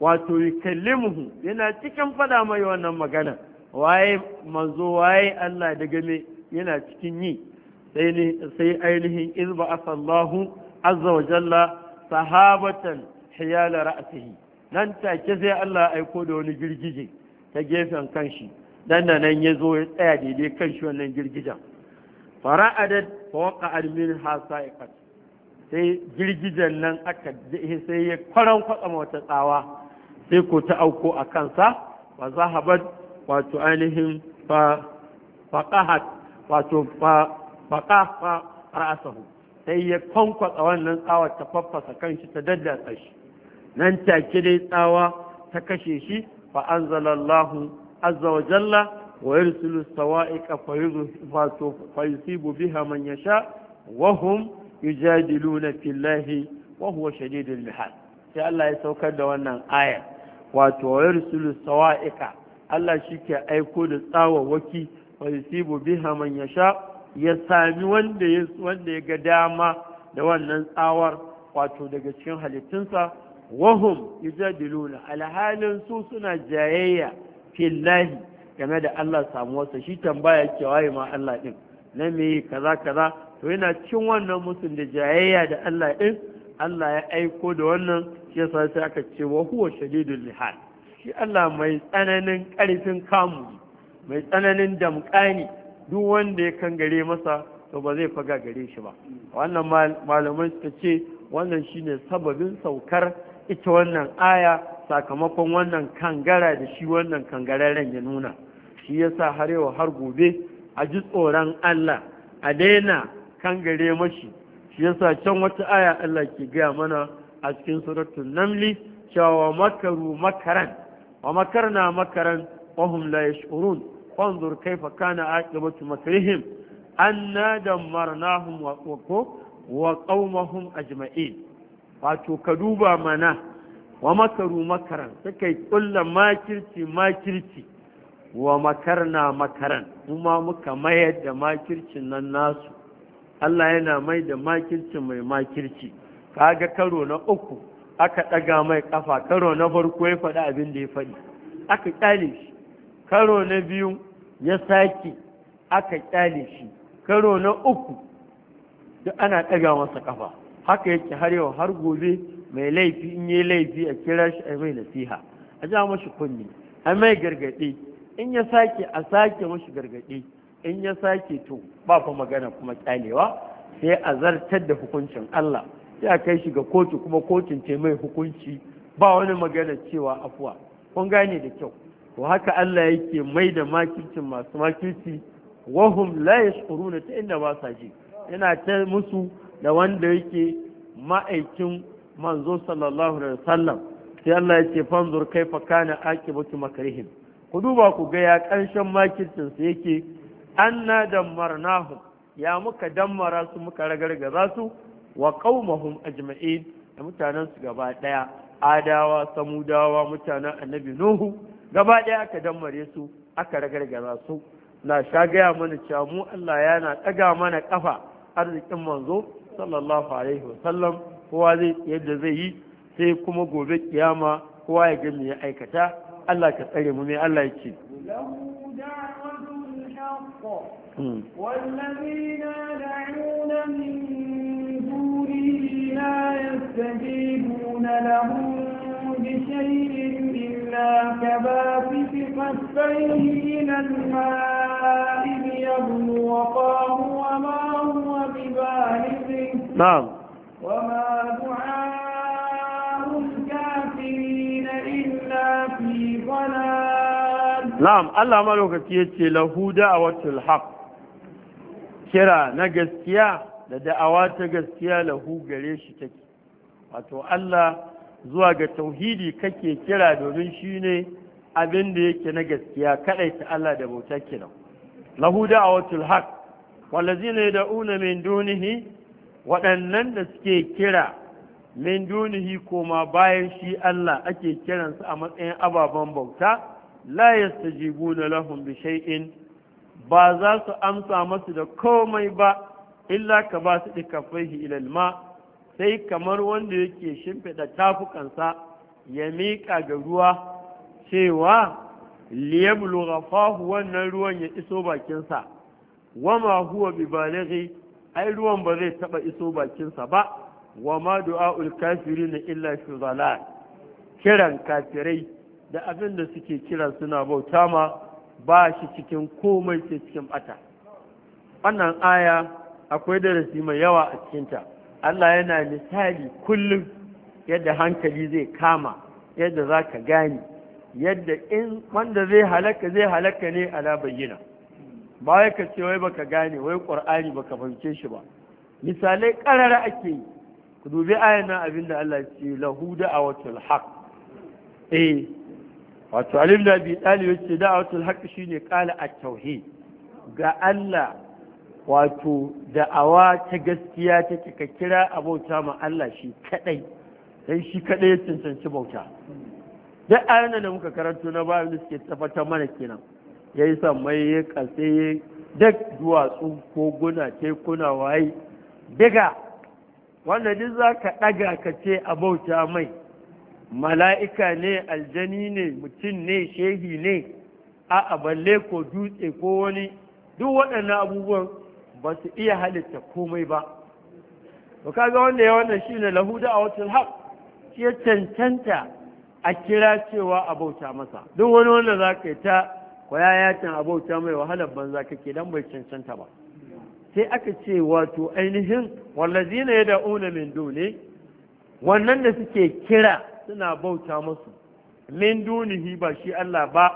wato yukallimuhu yana cikin faɗa mai wannan magana waye manzo waye Allah da game yana cikin yi sai ainihin izba asallahu azza wa jalla sahabatan hiyala ra'sihi nan take sai Allah ya aiko da wani girgije ta gefen kanshi dan nan ya zo ya tsaya daidai kanshi wannan girgijen fara'adat fawaqa'at min hasa'iqat sai girgijen nan aka sai ya kwaran kwatsama wata tsawa sai ko ta auko a kansa wa zahabat wato ainihin fa faqahat wato fa faqa fa sai ya kwankwatsa wannan tsawar ta faffasa kanshi ta daddasa shi nan take dai tsawa ta kashe shi fa anzalallahu azza wa jalla wa yursilu sawa'iqa fa yusibu biha man yasha wa hum yujadiluna fillahi wa huwa shadidul mihal sai Allah ya saukar da wannan aya wato wa yursilu sawa'iqa Allah shi ke aiko da waki. wa yusibu biha man yasha ya sami wanda ya wanda ya ga dama da wannan tsawar wato daga cikin halittunsa wahum yujadiluna alhalin su suna jayayya fillahi game da Allah samuwarsa shi tambaya ke waye ma Allah din na me kaza kaza to yana cin wannan musun da jayayya da Allah din Allah ya aiko da wannan shi yasa sai aka ce wa huwa shadidul lihal shi Allah mai tsananin karfin kamu mai tsananin damƙani duk wanda ya gare masa to ba zai faga gare shi ba wannan malaman suka ce wannan shine sababin saukar ita wannan aya sakamakon wannan kangara da shi wannan kangararen ya nuna shi ya har yau har gobe a ji tsoron Allah a daina kangare mashi shi ya sa can wata aya Allah ke gaya mana a cikin suratun namli cewa makaru makaran wa makarna makaran wa hum la yash'urun fanzur kaifa kana aqibatu makrihim anna dammarnahum wa wa a ajma'in wato ka duba mana wa makaru makaran suka yi ƙulla makirci makirci wa makarna makaran kuma muka mayar da makircin nan nasu Allah yana mai da makirci mai makirci kaga karo na uku aka ɗaga mai ƙafa karo na farko ya faɗi abin da ya faɗi aka ƙyale shi karo na biyu ya sake aka ƙyale shi karo na uku duk ana ɗaga masa ƙafa haka yake har yau har gobe mai laifi in yi laifi a kira shi a mai nasiha a ja mashi kunni a mai gargaɗi in ya sake a sake mashi gargaɗi in ya sake to ba fa magana kuma kyalewa sai a zartar da hukuncin Allah sai a kai shi ga kotu kuma kotun ce mai hukunci ba wani magana cewa afuwa kun gane da kyau to haka Allah yake mai da makircin masu makirci wahum la yashkuruna ta inda ba sa ji yana ta musu da wanda yake ma'aikin manzo sallallahu alaihi wasallam sai Allah ya ce fanzur kaifa kana akibatu makrihim ku duba ku ga ya karshen makircin su yake anna dammarnahu ya muka dammara su muka ragargaza su wa qaumahum ajma'in da mutanen su gaba daya adawa samudawa mutanen annabi nuhu gaba daya aka dammare su aka ragargaza su na sha gaya mana cewa mu Allah yana ɗaga mana ƙafa arzikin manzo sallallahu alaihi wasallam kowa zai yadda zai yi sai kuma gobe kiyama kowa ya ga ya aikata Allah ka tsare mu me Allah ya ce hmm. والذين يدعون من دونه لا يستجيبون لهم بشيء إلا كباسط كفيه إلى الماء ليبلغ وقاه وما هو ببالغ نعم wa ma الكافرين إلا في fi نعم na'am Allah تيتي yace lahu الحق كرا kira na gaskiya da da'awa ta gaskiya lahu gare shi take wato Allah zuwa ga tauhidi kake kira domin shi ne abin da yake na gaskiya kadai ta Allah da bauta kenan lahu da'awatul haq wallazina yad'una min dunihi waɗannan da suke kira min dunihi koma bayan shi Allah ake kiransu a matsayin ababen bauta la yastajibuna lahum bi shay'in ba za su amsa masu da komai ba illa ka ba su dikafaihi ma sai kamar wanda yake shimfiɗa tafukansa ya miƙa ga ruwa cewa liyablu wannan ruwan ya iso bakinsa wama huwa bi balighi ai ruwan ba zai taba iso bakinsa ba wa ma du'a'ul kafirin illa fi zalal kiran kafirai da abin da suke kira suna bauta ma ba shi cikin komai sai cikin bata wannan aya akwai darasi mai yawa a cikinta Allah yana misali kullum yadda hankali zai kama yadda za ka gane yadda in wanda zai halaka zai halaka ne ala bayyana ba ya ka ce wai baka gane wai ƙur'ani baka fahimce shi ba misalai ƙarara ake yi ku dubi ayan nan abin da Allah ce lahu da'awatul haq eh wato alim da bi dalil yace da'awatul haq shine qala at-tauhid ga Allah wato da'awa ta gaskiya ta kika kira abota ma Allah shi kadai dan shi kadai ya cancanci bauta duk ayan da muka karanto na bayan da suke tafata mana kenan ya yi mai ya katse duk duwatsu koguna tekuna waye diga wanda duk za ka ɗaga ka ce a bauta mai mala'ika ne aljani ne mutum ne shehi ne a balle ko dutse ko wani duk waɗannan abubuwan ba su iya halitta komai ba ka kaga wanda ya wannan ne lahuda a watan haq shi ya cancanta a kira cewa a bauta masa duk wani wanda za ka yi ta kwaya ya can abauta mai wahalar banza kake dan bai cancanta ba sai aka ce wato ainihin wallazina ya da'una min duni wannan da suke kira suna bauta musu min dunihi ba shi Allah ba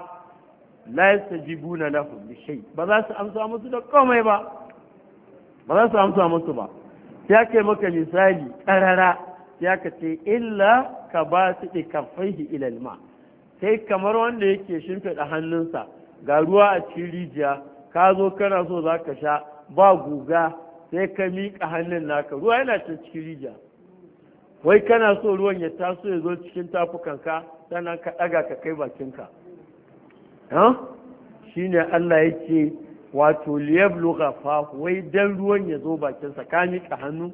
la yastajibuna lahu bi shay ba za su amsa musu da komai ba ba za su amsa musu ba sai ake maka misali karara sai aka ce illa ka ba su kafaihi sai kamar wanda yake shimfiɗa hannunsa ga ruwa a cikin rijiya ka zo kana so za ka sha ba guga sai ka miƙa hannun naka ruwa yana can cikin rijiya wai kana so ruwan ya taso ya zo cikin tafukanka sannan ka ɗaga ka kai bakinka ne Allah ya ce wato liyab fa wai dan ruwan ya zo bakinsa ka miƙa hannu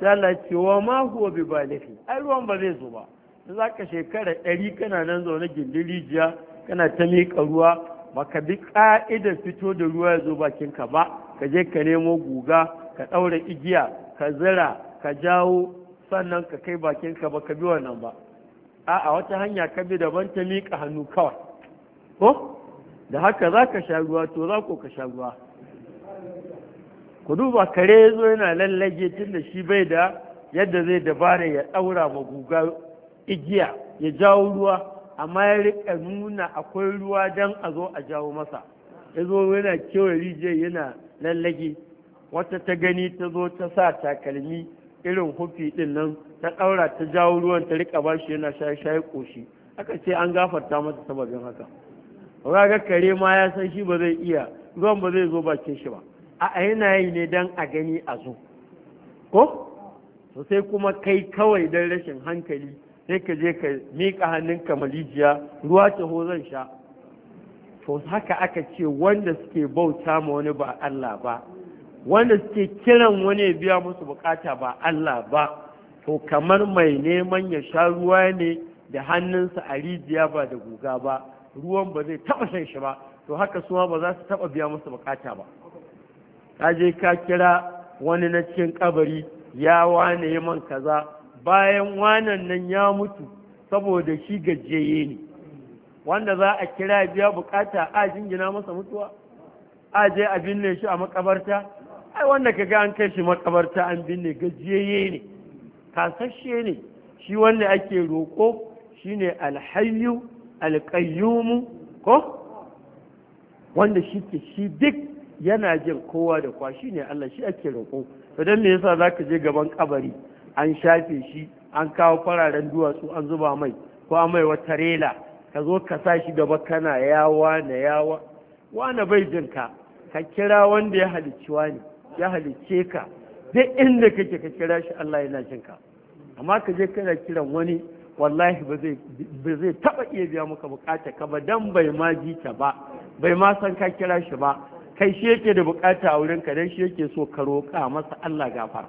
sai Allah ya ce wa ma huwa bi ai ruwan ba zai zo ba za ka shekara ɗari kana nan zaune gindin rijiya kana ta miƙa ruwa ba ka bi ƙa'idar fito da ruwa ya zo bakinka ba ka je ka nemo guga ka ɗaura igiya ka zira ka jawo sannan ka kai bakinka ba ka bi wannan ba a'a wata hanya ka bi daban ta miƙa hannu kawai ko da haka za ka sha ruwa to za ko ka sha ruwa ku duba kare ya zo yana lallage tun da shi bai da yadda zai dabara ya ɗaura ma guga igiya ya jawo ruwa amma ya rika nuna akwai ruwa don a zo a jawo masa ya zo yana kewa rijiyar yana lallage wata ta gani ta zo ta sa takalmi irin hufi ɗin nan ta ƙaura ta jawo ruwan ta ba bashi yana shaye-shaye ƙoshi aka ce an gafarta masa sababin haka ga kare ma ya san shi ba zai iya ruwan ba zai zo bakin shi ba a yana yi ne don a gani a zo ko sosai kuma kai kawai don rashin hankali sai ka je ka miƙa hannunka malijiya ruwa taho zan sha to haka aka ce wanda suke bauta ma wani ba Allah ba wanda suke kiran wani ya biya musu bukata ba Allah ba to kamar mai neman ya sha ruwa ne da hannunsa a rijiya ba da guga ba ruwan ba zai taɓa shan shi ba to haka suma ba za su taɓa biya musu bukata ba ka je ka kira wani na cikin kabari ya wane man kaza bayan wanan nan ya mutu saboda shi gajiyayye ne wanda za a kira biya bukata a jingina masa mutuwa a je a binne shi a makabarta ai wanda ka ga an kai shi makabarta an binne gajiyayye ne kasashe ne shi wanda ake roƙo shine alhayyu alƙayyumu ko wanda shi ke shi duk yana jin kowa da kwa shi ne Allah shi ake roko to don me yasa zaka je gaban kabari an shafe shi an kawo fararen duwatsu an zuba mai ko mai wata rela ka zo ka sa shi gaba kana yawa na yawa wane bai jinka ka kira wanda ya halicci wani ya halicce ka duk inda kake ka kira shi Allah yana jinka amma ka je kana kiran wani wallahi ba zai taba iya biya maka bukata ka ba dan bai ma ji ta ba bai ma san ka kira shi ba kai shi yake da bukata a wurin ka dan shi yake so ka roƙa masa Allah gafara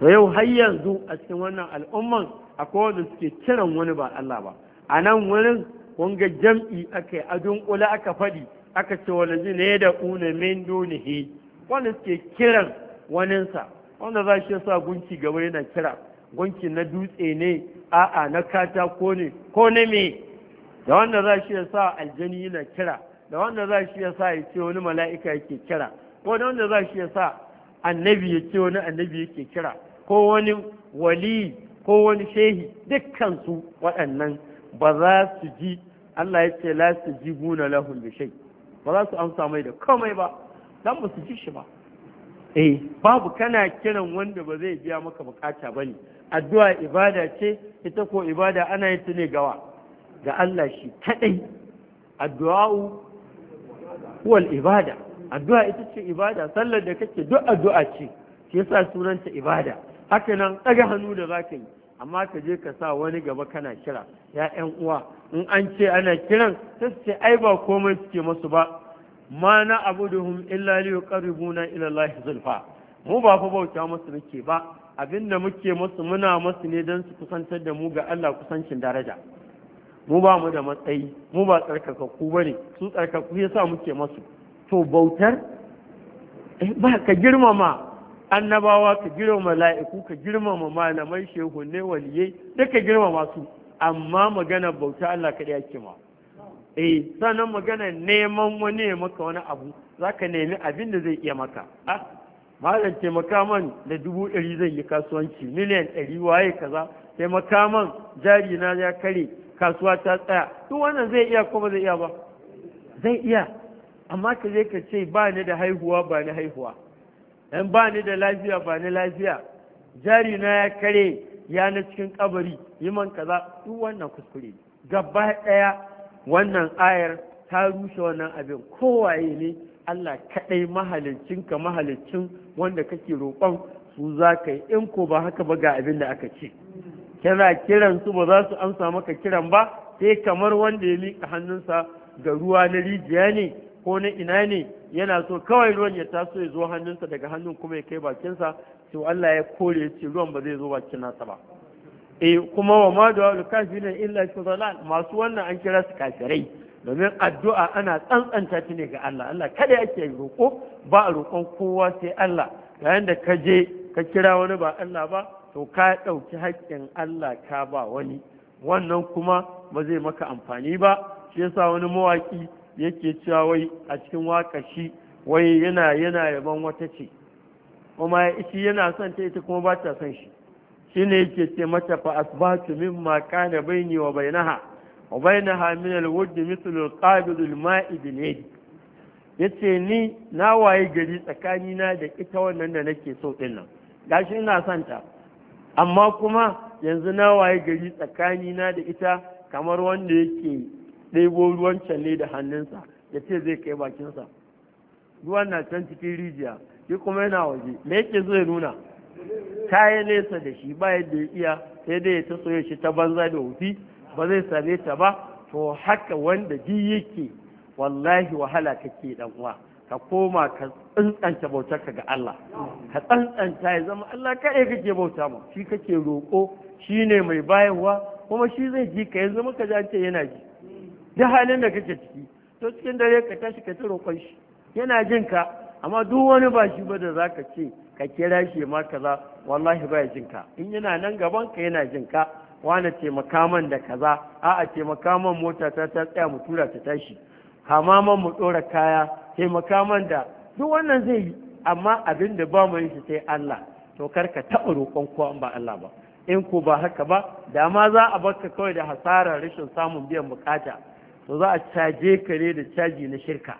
to yau har yanzu a cikin wannan al'umman akwai wanda suke kiran wani ba Allah ba a nan wurin wanga jam'i aka yi a dunkula aka faɗi aka ce wani ne da una min dunihi wanda suke kiran waninsa wanda za shi sa gunki gaba yana kira gunki na dutse ne a'a na katako ne ko na me da wanda za shi sa aljani yana kira da wanda za shi sa ya ce wani mala'ika yake kira ko da wanda za shi sa annabi ya ce wani annabi yake kira ko wani wali ko wani shehi dukkan waɗannan ba za su ji Allah ya ce la su ji buna lahun da ba za su amsa mai da komai ba dan ba su ji shi ba eh babu kana kiran wanda ba zai biya maka bukata bane addu'a ibada ce ita ko ibada ana yin ta ne gawa ga Allah shi kadai addu'a'u wal ibada addu'a ita ce ibada sallar da kake duk addu'a ce shi yasa sunanta ibada haka nan ɗaga hannu da za ka yi amma ka je ka sa wani gaba kana kira ya ƴan uwa in an ce ana kiran sai su ce ai ba komai suke masu ba ma na abu da abuduhum illa li yuqarribuna ila Allah zulfa mu ba fa bauta masu muke ba abinda muke masu muna masu ne don su kusantar da mu ga Allah kusancin daraja mu ba mu da matsayi mu ba tsarkakakku bane su tsarkakku yasa muke masu to bautar eh, ba ka girmama annabawa ka girmama mala'iku ka girmama malamai shehu, ne waliye duka girmama su amma magana bauta Allah kaɗai ake ma eh sannan magana neman wani ya maka wani abu za ka nemi abin da zai iya maka ah, malam taimaka man da dubu ɗari zai yi kasuwanci miliyan ɗari waye kaza taimaka man jari na ya kare kasuwa ta tsaya duk wannan zai iya kuma zai iya ba zai iya amma ka je ka ce ba ni da haihuwa ba ni haihuwa ‘yan ba ni da lafiya ba ni lafiya jari na ya kare ya na cikin kabari yi man kaza duk wannan kuskure gaba ɗaya wannan ayar ta rushe wannan abin kowaye ne Allah kaɗai ka mahalicin wanda kake roƙon su za ka yi in ko ba haka ba ga abin da aka ce kana kiran su ba za su amsa maka kiran ba sai kamar wanda ya mika hannunsa ga ruwa na rijiya ne ko na ina ne yana so kawai ruwan ya taso ya zo hannunsa daga hannun kuma ya kai bakinsa to Allah ya kore ya ce ruwan ba zai zo bakin nasa ba eh kuma wa ma da kafirin illa shi zalal masu wannan an kira su kafirai domin addu'a ana tsantsanta ta ne ga Allah Allah kada ake roƙo ba a roƙon kowa sai Allah yayin da ka je ka kira wani ba Allah ba to ka ɗauki haƙƙin Allah ka ba wani wannan kuma ba zai maka amfani ba shi yasa wani mawaƙi yake cewa wai a cikin waka shi wai yana yana yaban wata ce kuma shi yana son ta ita kuma ba ta son shi shine yake ce mata fa asbatu mimma kana baini wa bainaha wa bainaha min alwudd mithlu alqabid alma'i bil yad yace ni na waye gari tsakani na da ita wannan da nake so din nan gashi ina son ta amma kuma yanzu na waye gari tsakani na da ita kamar wanda yake ɗebo ruwan canne da hannunsa ya ce zai kai bakinsa ruwan na can cikin rijiya shi kuma yana waje me yake zai nuna ta yi nesa da shi ba yadda ya iya sai dai ya ta soya shi ta banza da wufi ba zai same ta ba to haka wanda ji yake wallahi wahala kake dan uwa ka koma ka tsantsanta bautar ka ga Allah ka tsantsanta ya zama Allah kaɗai kake bauta ma shi kake roƙo shi ne mai bayarwa kuma shi zai ji ka yanzu muka ji ce yana ji duk halin da kake ciki to cikin dare ka tashi ka tsoro shi yana jin ka amma duk wani ba shi ba da za ka ce ka kira shi ma kaza wallahi ba jin ka in yana nan gaban ka yana jin ka wani taimaka man da kaza a'a taimaka man mota ta ta tsaya mu tura ta tashi kama man mu ɗora kaya taimaka man da duk wannan zai yi amma abin da ba mu yi shi sai Allah to kar ka taɓa roƙon ko ba Allah ba in ko ba haka ba da ma za a baka kawai da hasara rashin samun biyan bukata to za a caje ka ne da caji na shirka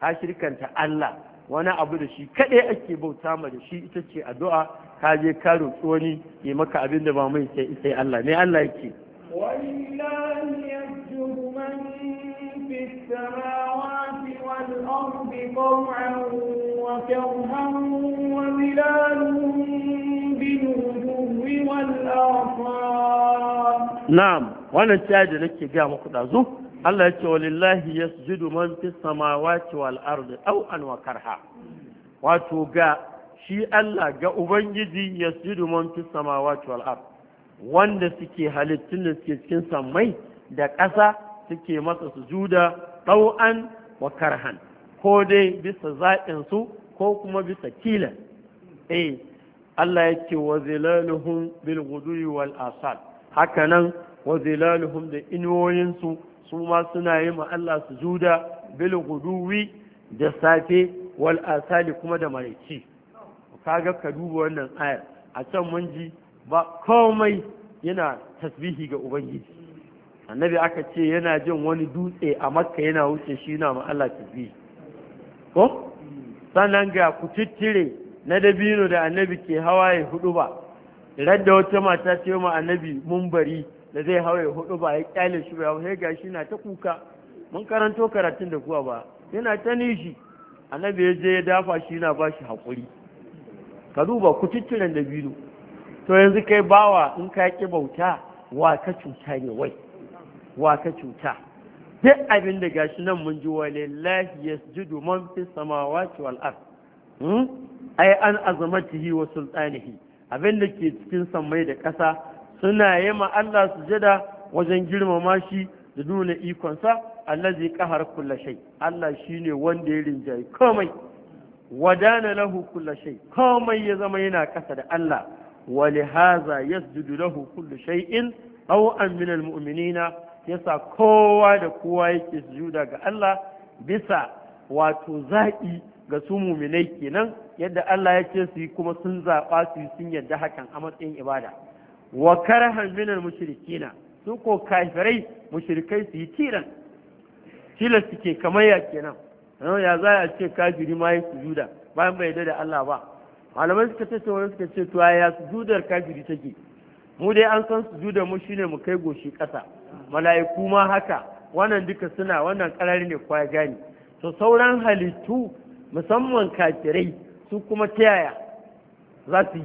ka shirkanta Allah wani abu da shi kaɗai ake bauta ma da shi ita ce addu'a ka je ka roƙi wani ya maka abin da ba mai sai sai Allah ne Allah yake na'am wannan caji nake gaya muku dazu Allah ya ce walillahi yasjudu man fis samawati wal ardi aw ɗau'an wa karha wato ga shi Allah ga ubangiji yasjudu man fis samawati wal ardi wanda suke halittun da suke cikin sammai da ƙasa suke masa sujuda ɗau'an wa karhan ko dai bisa zaɓinsu ko kuma bisa kila eh Allah ya ce wa zilaluhum bil wal asal hakanan wa zilaluhum da inuwoyinsu su ma suna yi ma Allah su juda bil guduwi da safe wal asali kuma da maraici kaga ka duba wannan ayar a can mun ji ba komai yana tasbihi ga ubangiji annabi aka ce yana jin wani dutse a makka yana wuce shi na ma Allah tasbihi ko sannan ga tittire na dabino da annabi ke hawaye hudu ba radda wata mata ce ma annabi mun bari da zai hawa ya hudu ba ya kyale shi ba sai gashi na ta kuka mun karanto karatun da kuwa ba yana ta nishi annabi ya je ya dafa shi na ba shi haƙuri ka duba kututturen da biyu to yanzu kai bawa in ka ki bauta wa ka cuta ne wai wa ka cuta duk abin da gashi nan mun ji walillahi yasjudu man fi samawati wal ard hmm? ai an azamatihi wa sultanihi abin ke cikin sammai da ƙasa suna yi ma Allah su jada wajen girmama shi da nuna ikonsa Allah zai kahar kulla shai Allah shine wanda ya rinjaye komai wadana lahu kulla komai ya zama yana ƙasa da Allah wali haza zudu lahu kullu in aw an muminina ya sa kowa da kowa yake sujuda ga Allah bisa wato zaƙi ga su muminai kenan yadda Allah ya ce su yi kuma sun zaɓa su yi sun yarda hakan a matsayin ibada wa karhan minal mushrikina su ko kafirai mushrikai su yi tiran tilas suke kamar ya kenan ya za a ce kafiri ma ya juda, bayan bai da Allah ba malamai suka ce wani suka ce to ya sujudar kafiri take mu dai an san su judar mu shine mu kai goshi kasa mala'iku ma haka wannan duka suna wannan karari ne kwa gani to sauran halittu musamman kafirai su kuma ta yaya za su yi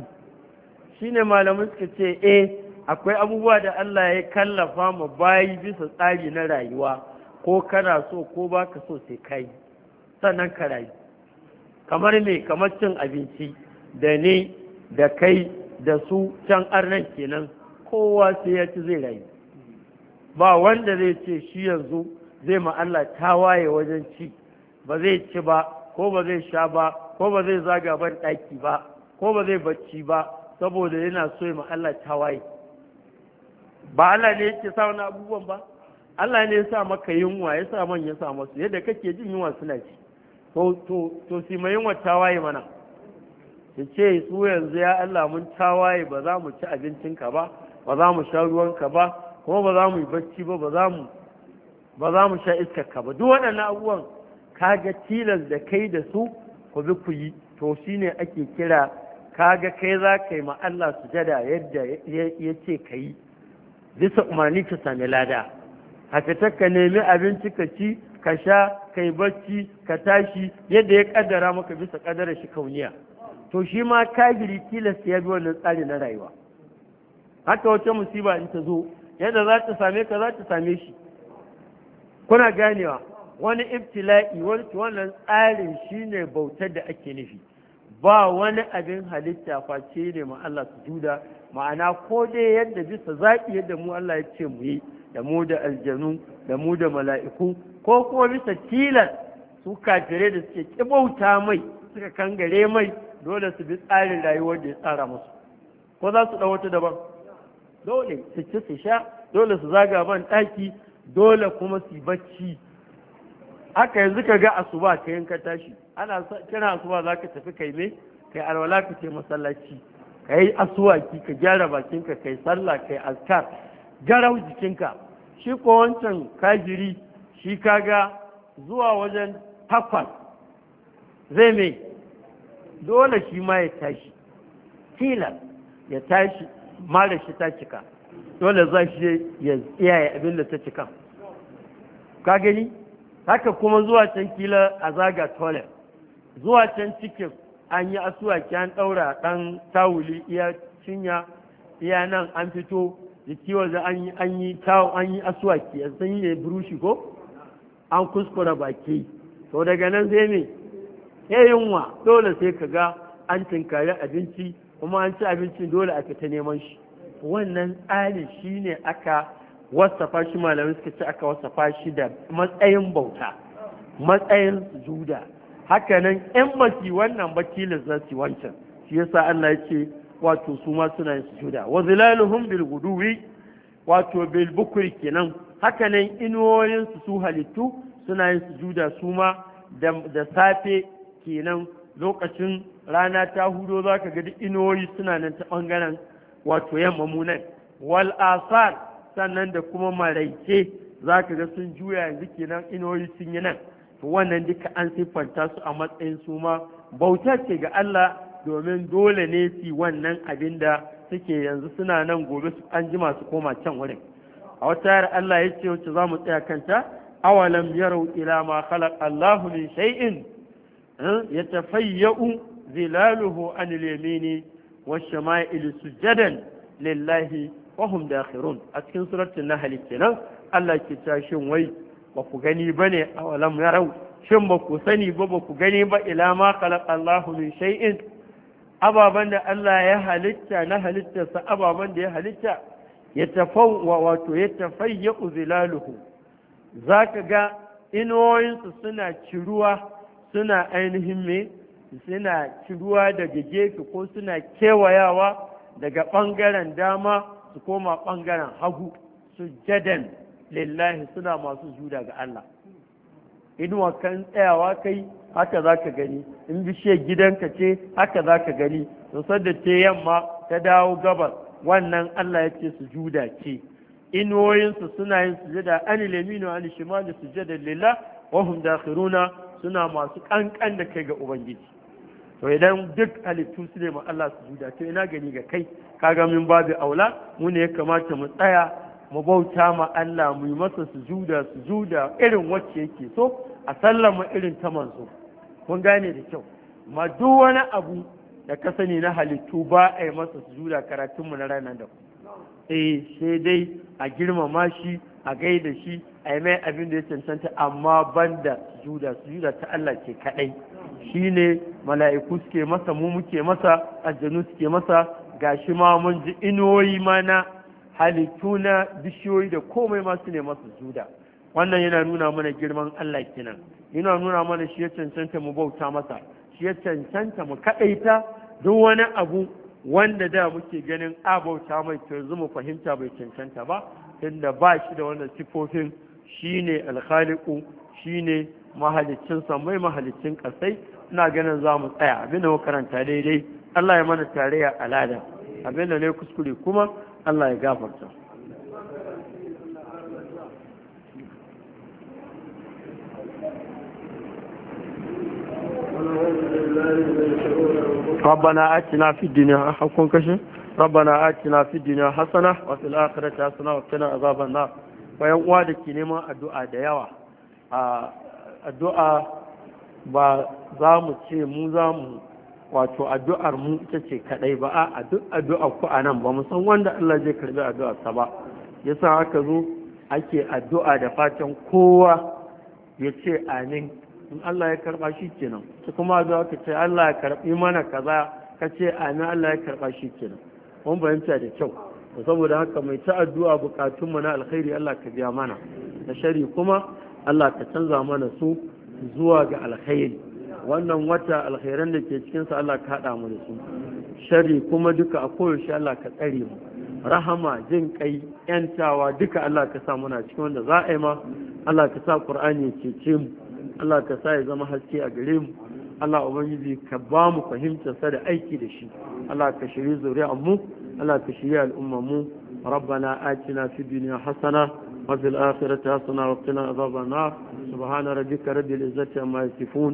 ne malamin suka ce e, akwai abubuwa da Allah ya kallafa mu bayi bisa tsari na rayuwa ko kana so ko ba ka so sai kai sannan ka rayu kamar me kamar cin abinci da ni da kai da su can arnan kenan kowa sai ya ci zai rayu ba wanda zai ce shi yanzu zai ma Allah waye wajen ci ba zai ci ba ko ba zai sha ba ko ba zai zaga ban ɗaki ba ko ba zai bacci ba saboda yana so ya Allah tawaye ba Allah ne yake sa wani abubuwan ba Allah ne ya sa maka yunwa ya sa man ya sa masu yadda kake jin yunwa suna ci to to to si mai yunwa tawaye mana ya ce su yanzu ya Allah mun tawaye ba za mu ci abincinka ba ba za mu sha ruwanka ba kuma ba za mu yi bacci ba ba za mu ba za mu sha ba duk waɗannan abubuwan kaga tilas da kai da su ku bi yi to shine ake kira kaga kai za ka yi ma Allah sujada yadda ya ce ka yi bisa umarni ka sami lada a fita ka nemi abinci ka ci ka sha ka yi bacci ka tashi yadda ya kaddara maka bisa kaddara shi kauniya to shi ma kagiri tilasta ya bi wannan tsari na rayuwa haka wata musiba in ta zo yadda za ta same ka za ta same shi kuna ganewa wani ibtila'i wani wannan tsarin shine bautar da ake nufi ba wani abin halitta face ne ma Allah su juda ma'ana ko dai yadda bisa zaɓi yadda mu Allah ya ce mu yi da mu da aljanu da mu da mala'iku ko kuma bisa tilas su kafirai da suke kibauta mai suka kangare mai dole su bi tsarin rayuwar da ya tsara musu ko za su ɗau wata daban dole su ci su sha dole su zaga ban ɗaki dole kuma su bacci haka yanzu ka ga asuba ka yanka tashi ana kira asuba za ka tafi kai me kai alwala ka ce masallaci ka yi asuwaki ka gyara bakinka kai sallah kai askar garau jikinka shi ko wancan kajiri shi kaga zuwa wajen takwas zai mai dole shi ma ya tashi tilas ya tashi mara shi ta cika dole za shi ya iyaye abin da ta cika ka gani haka kuma zuwa can kila a zaga toilet zuwa can cikin an yi asuwaki an ɗaura ɗan tawuli iya cinya iya nan an fito jiki waje an yi tawo an yi asuwaki a sun yi burushi ko an kuskura baki to daga nan zai ne ya yunwa dole sai ka ga an tinkari abinci kuma an ci abincin dole a fita neman shi wannan tsarin shi ne aka wasafa shi malamai suka ce aka wasafa shi da matsayin bauta matsayin juda hakanan 'yan ba wannan baki da za su wancan shi yasa Allah yake wato su ma suna yin sujuda wa zilaluhum bil guduwi wato bil bukri kenan hakanan inuwoyin su su halittu suna yin sujuda su ma da safe kenan lokacin rana ta hudo za ka ga duk inuwoyi suna nan ta bangaren wato yamma munan wal asar sannan da kuma maraice za ka ga sun juya yanzu kenan inuwoyi sun yi nan to wannan duka an siffanta su a matsayin su ma bauta ce ga Allah domin dole ne su wannan abin da suke yanzu suna nan gobe su an jima su koma can wurin a wata yar Allah ya ce wacce za mu tsaya kanta awalam yarau ila ma khalaq Allahu min shay'in yatafayya'u zilaluhu an al-yamini والشمائل سجدا A cikin cikin أتكن سورة kenan, Allah ke كتاشم wai. ba ku gani ba ne a walam rau. shin ba ku sani ba ba ku gani ba ila ma khalaqa Allahu min shay'in ababen da Allah ya halitta na halittarsa ababen da ya halitta ya tafau wa wato ya tafai tafayya uzilaluhu ka ga inuwoyinsu suna ciruwa suna ainihin me suna ciruwa daga gefe ko suna kewayawa daga ɓangaren dama su koma ɓangaren hagu su jadan? lillahi suna masu juda ga Allah inuwa kan tsayawa kai haka za ka gani in bishiyar gidanka ce haka za ka gani nusar da ce yamma ta dawo gabas wannan Allah ya ce juda ce inuwoyinsu suna yin sujada ani laminu ani shimali sujada lillah wa hum dakhiruna suna masu kankan da kai ga ubangiji to idan duk halittu su ne ma Allah juda to ina gani ga kai kaga min babu aula mu ne ya kamata mu tsaya mu bauta ma Allah mu yi masa sujuda sujuda irin wacce yake so a sallama irin ta manzo kun gane da kyau ma duk wani abu da ka sani na halittu ba a yi masa sujuda karatun mu na ranar da eh sai dai a girmama shi a gaida shi a yi mai abin da ya cancanta amma banda sujuda sujuda ta Allah ce kadai shine mala'iku suke masa mu muke masa aljanu suke masa gashi ma mun ji inuwoyi mana halittu na bishiyoyi da komai masu ne masu juda wannan yana nuna mana girman Allah kenan yana nuna mana shi ya cancanta mu bauta masa shi ya cancanta mu kadaita duk wani abu wanda da muke ganin a bauta mai yanzu mu fahimta bai cancanta ba tunda ba shi da wannan sifofin shine alkhaliqu shine mahalicin mai mahalicin kasai ina ganin za mu tsaya abinda mu karanta daidai Allah ya mana tarayya alada abinda ne kuskure kuma Allah ya gafarta ربنا آتنا في الدنيا حكم كشف ربنا آتنا في الدنيا حسنة وفي الآخرة حسنة وقنا عذاب النار wayan uwa da ke neman addu'a da yawa addu'a ba za mu wato addu'ar mu ita ce kadai ba a duk ko ku nan ba mu san wanda Allah zai karbi addu'ar sa ba yasa haka zo ake addu'a da fatan kowa ya ce amin in Allah ya karba shi kenan ta kuma addu'a ka ce Allah ya karbi mana kaza ka ce amin Allah ya karba shi kenan mun bayyana da kyau saboda haka mai ta addu'a bukatun mu na alkhairi Allah ka biya mana na shari kuma Allah ka canza mana su zuwa ga alkhairi wannan wata alkhairan da ke cikinsa Allah ka haɗa mu da su shari kuma duka a koyaushe Allah ka tsare mu rahama jin kai yantawa duka Allah ka sa muna cikin wanda za a yi ma Allah ka sa Qur'ani ya cece mu Allah ka sa ya zama haske a gare mu Allah ubangiji ka ba mu fahimtar sa da aiki da shi Allah ka shiri zuri'ar mu Allah ka shiri al'umma mu ربنا آتنا في الدنيا حسنة وفي الآخرة حسنة وقنا عذاب النار سبحان ربك رب العزة عما يصفون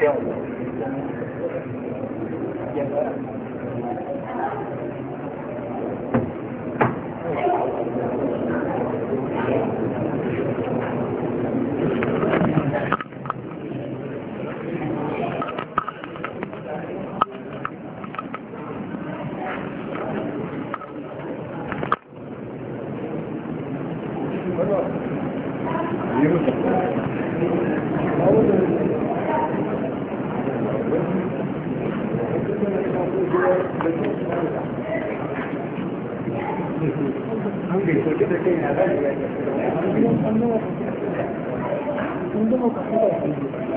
51. sun duka ka suka yi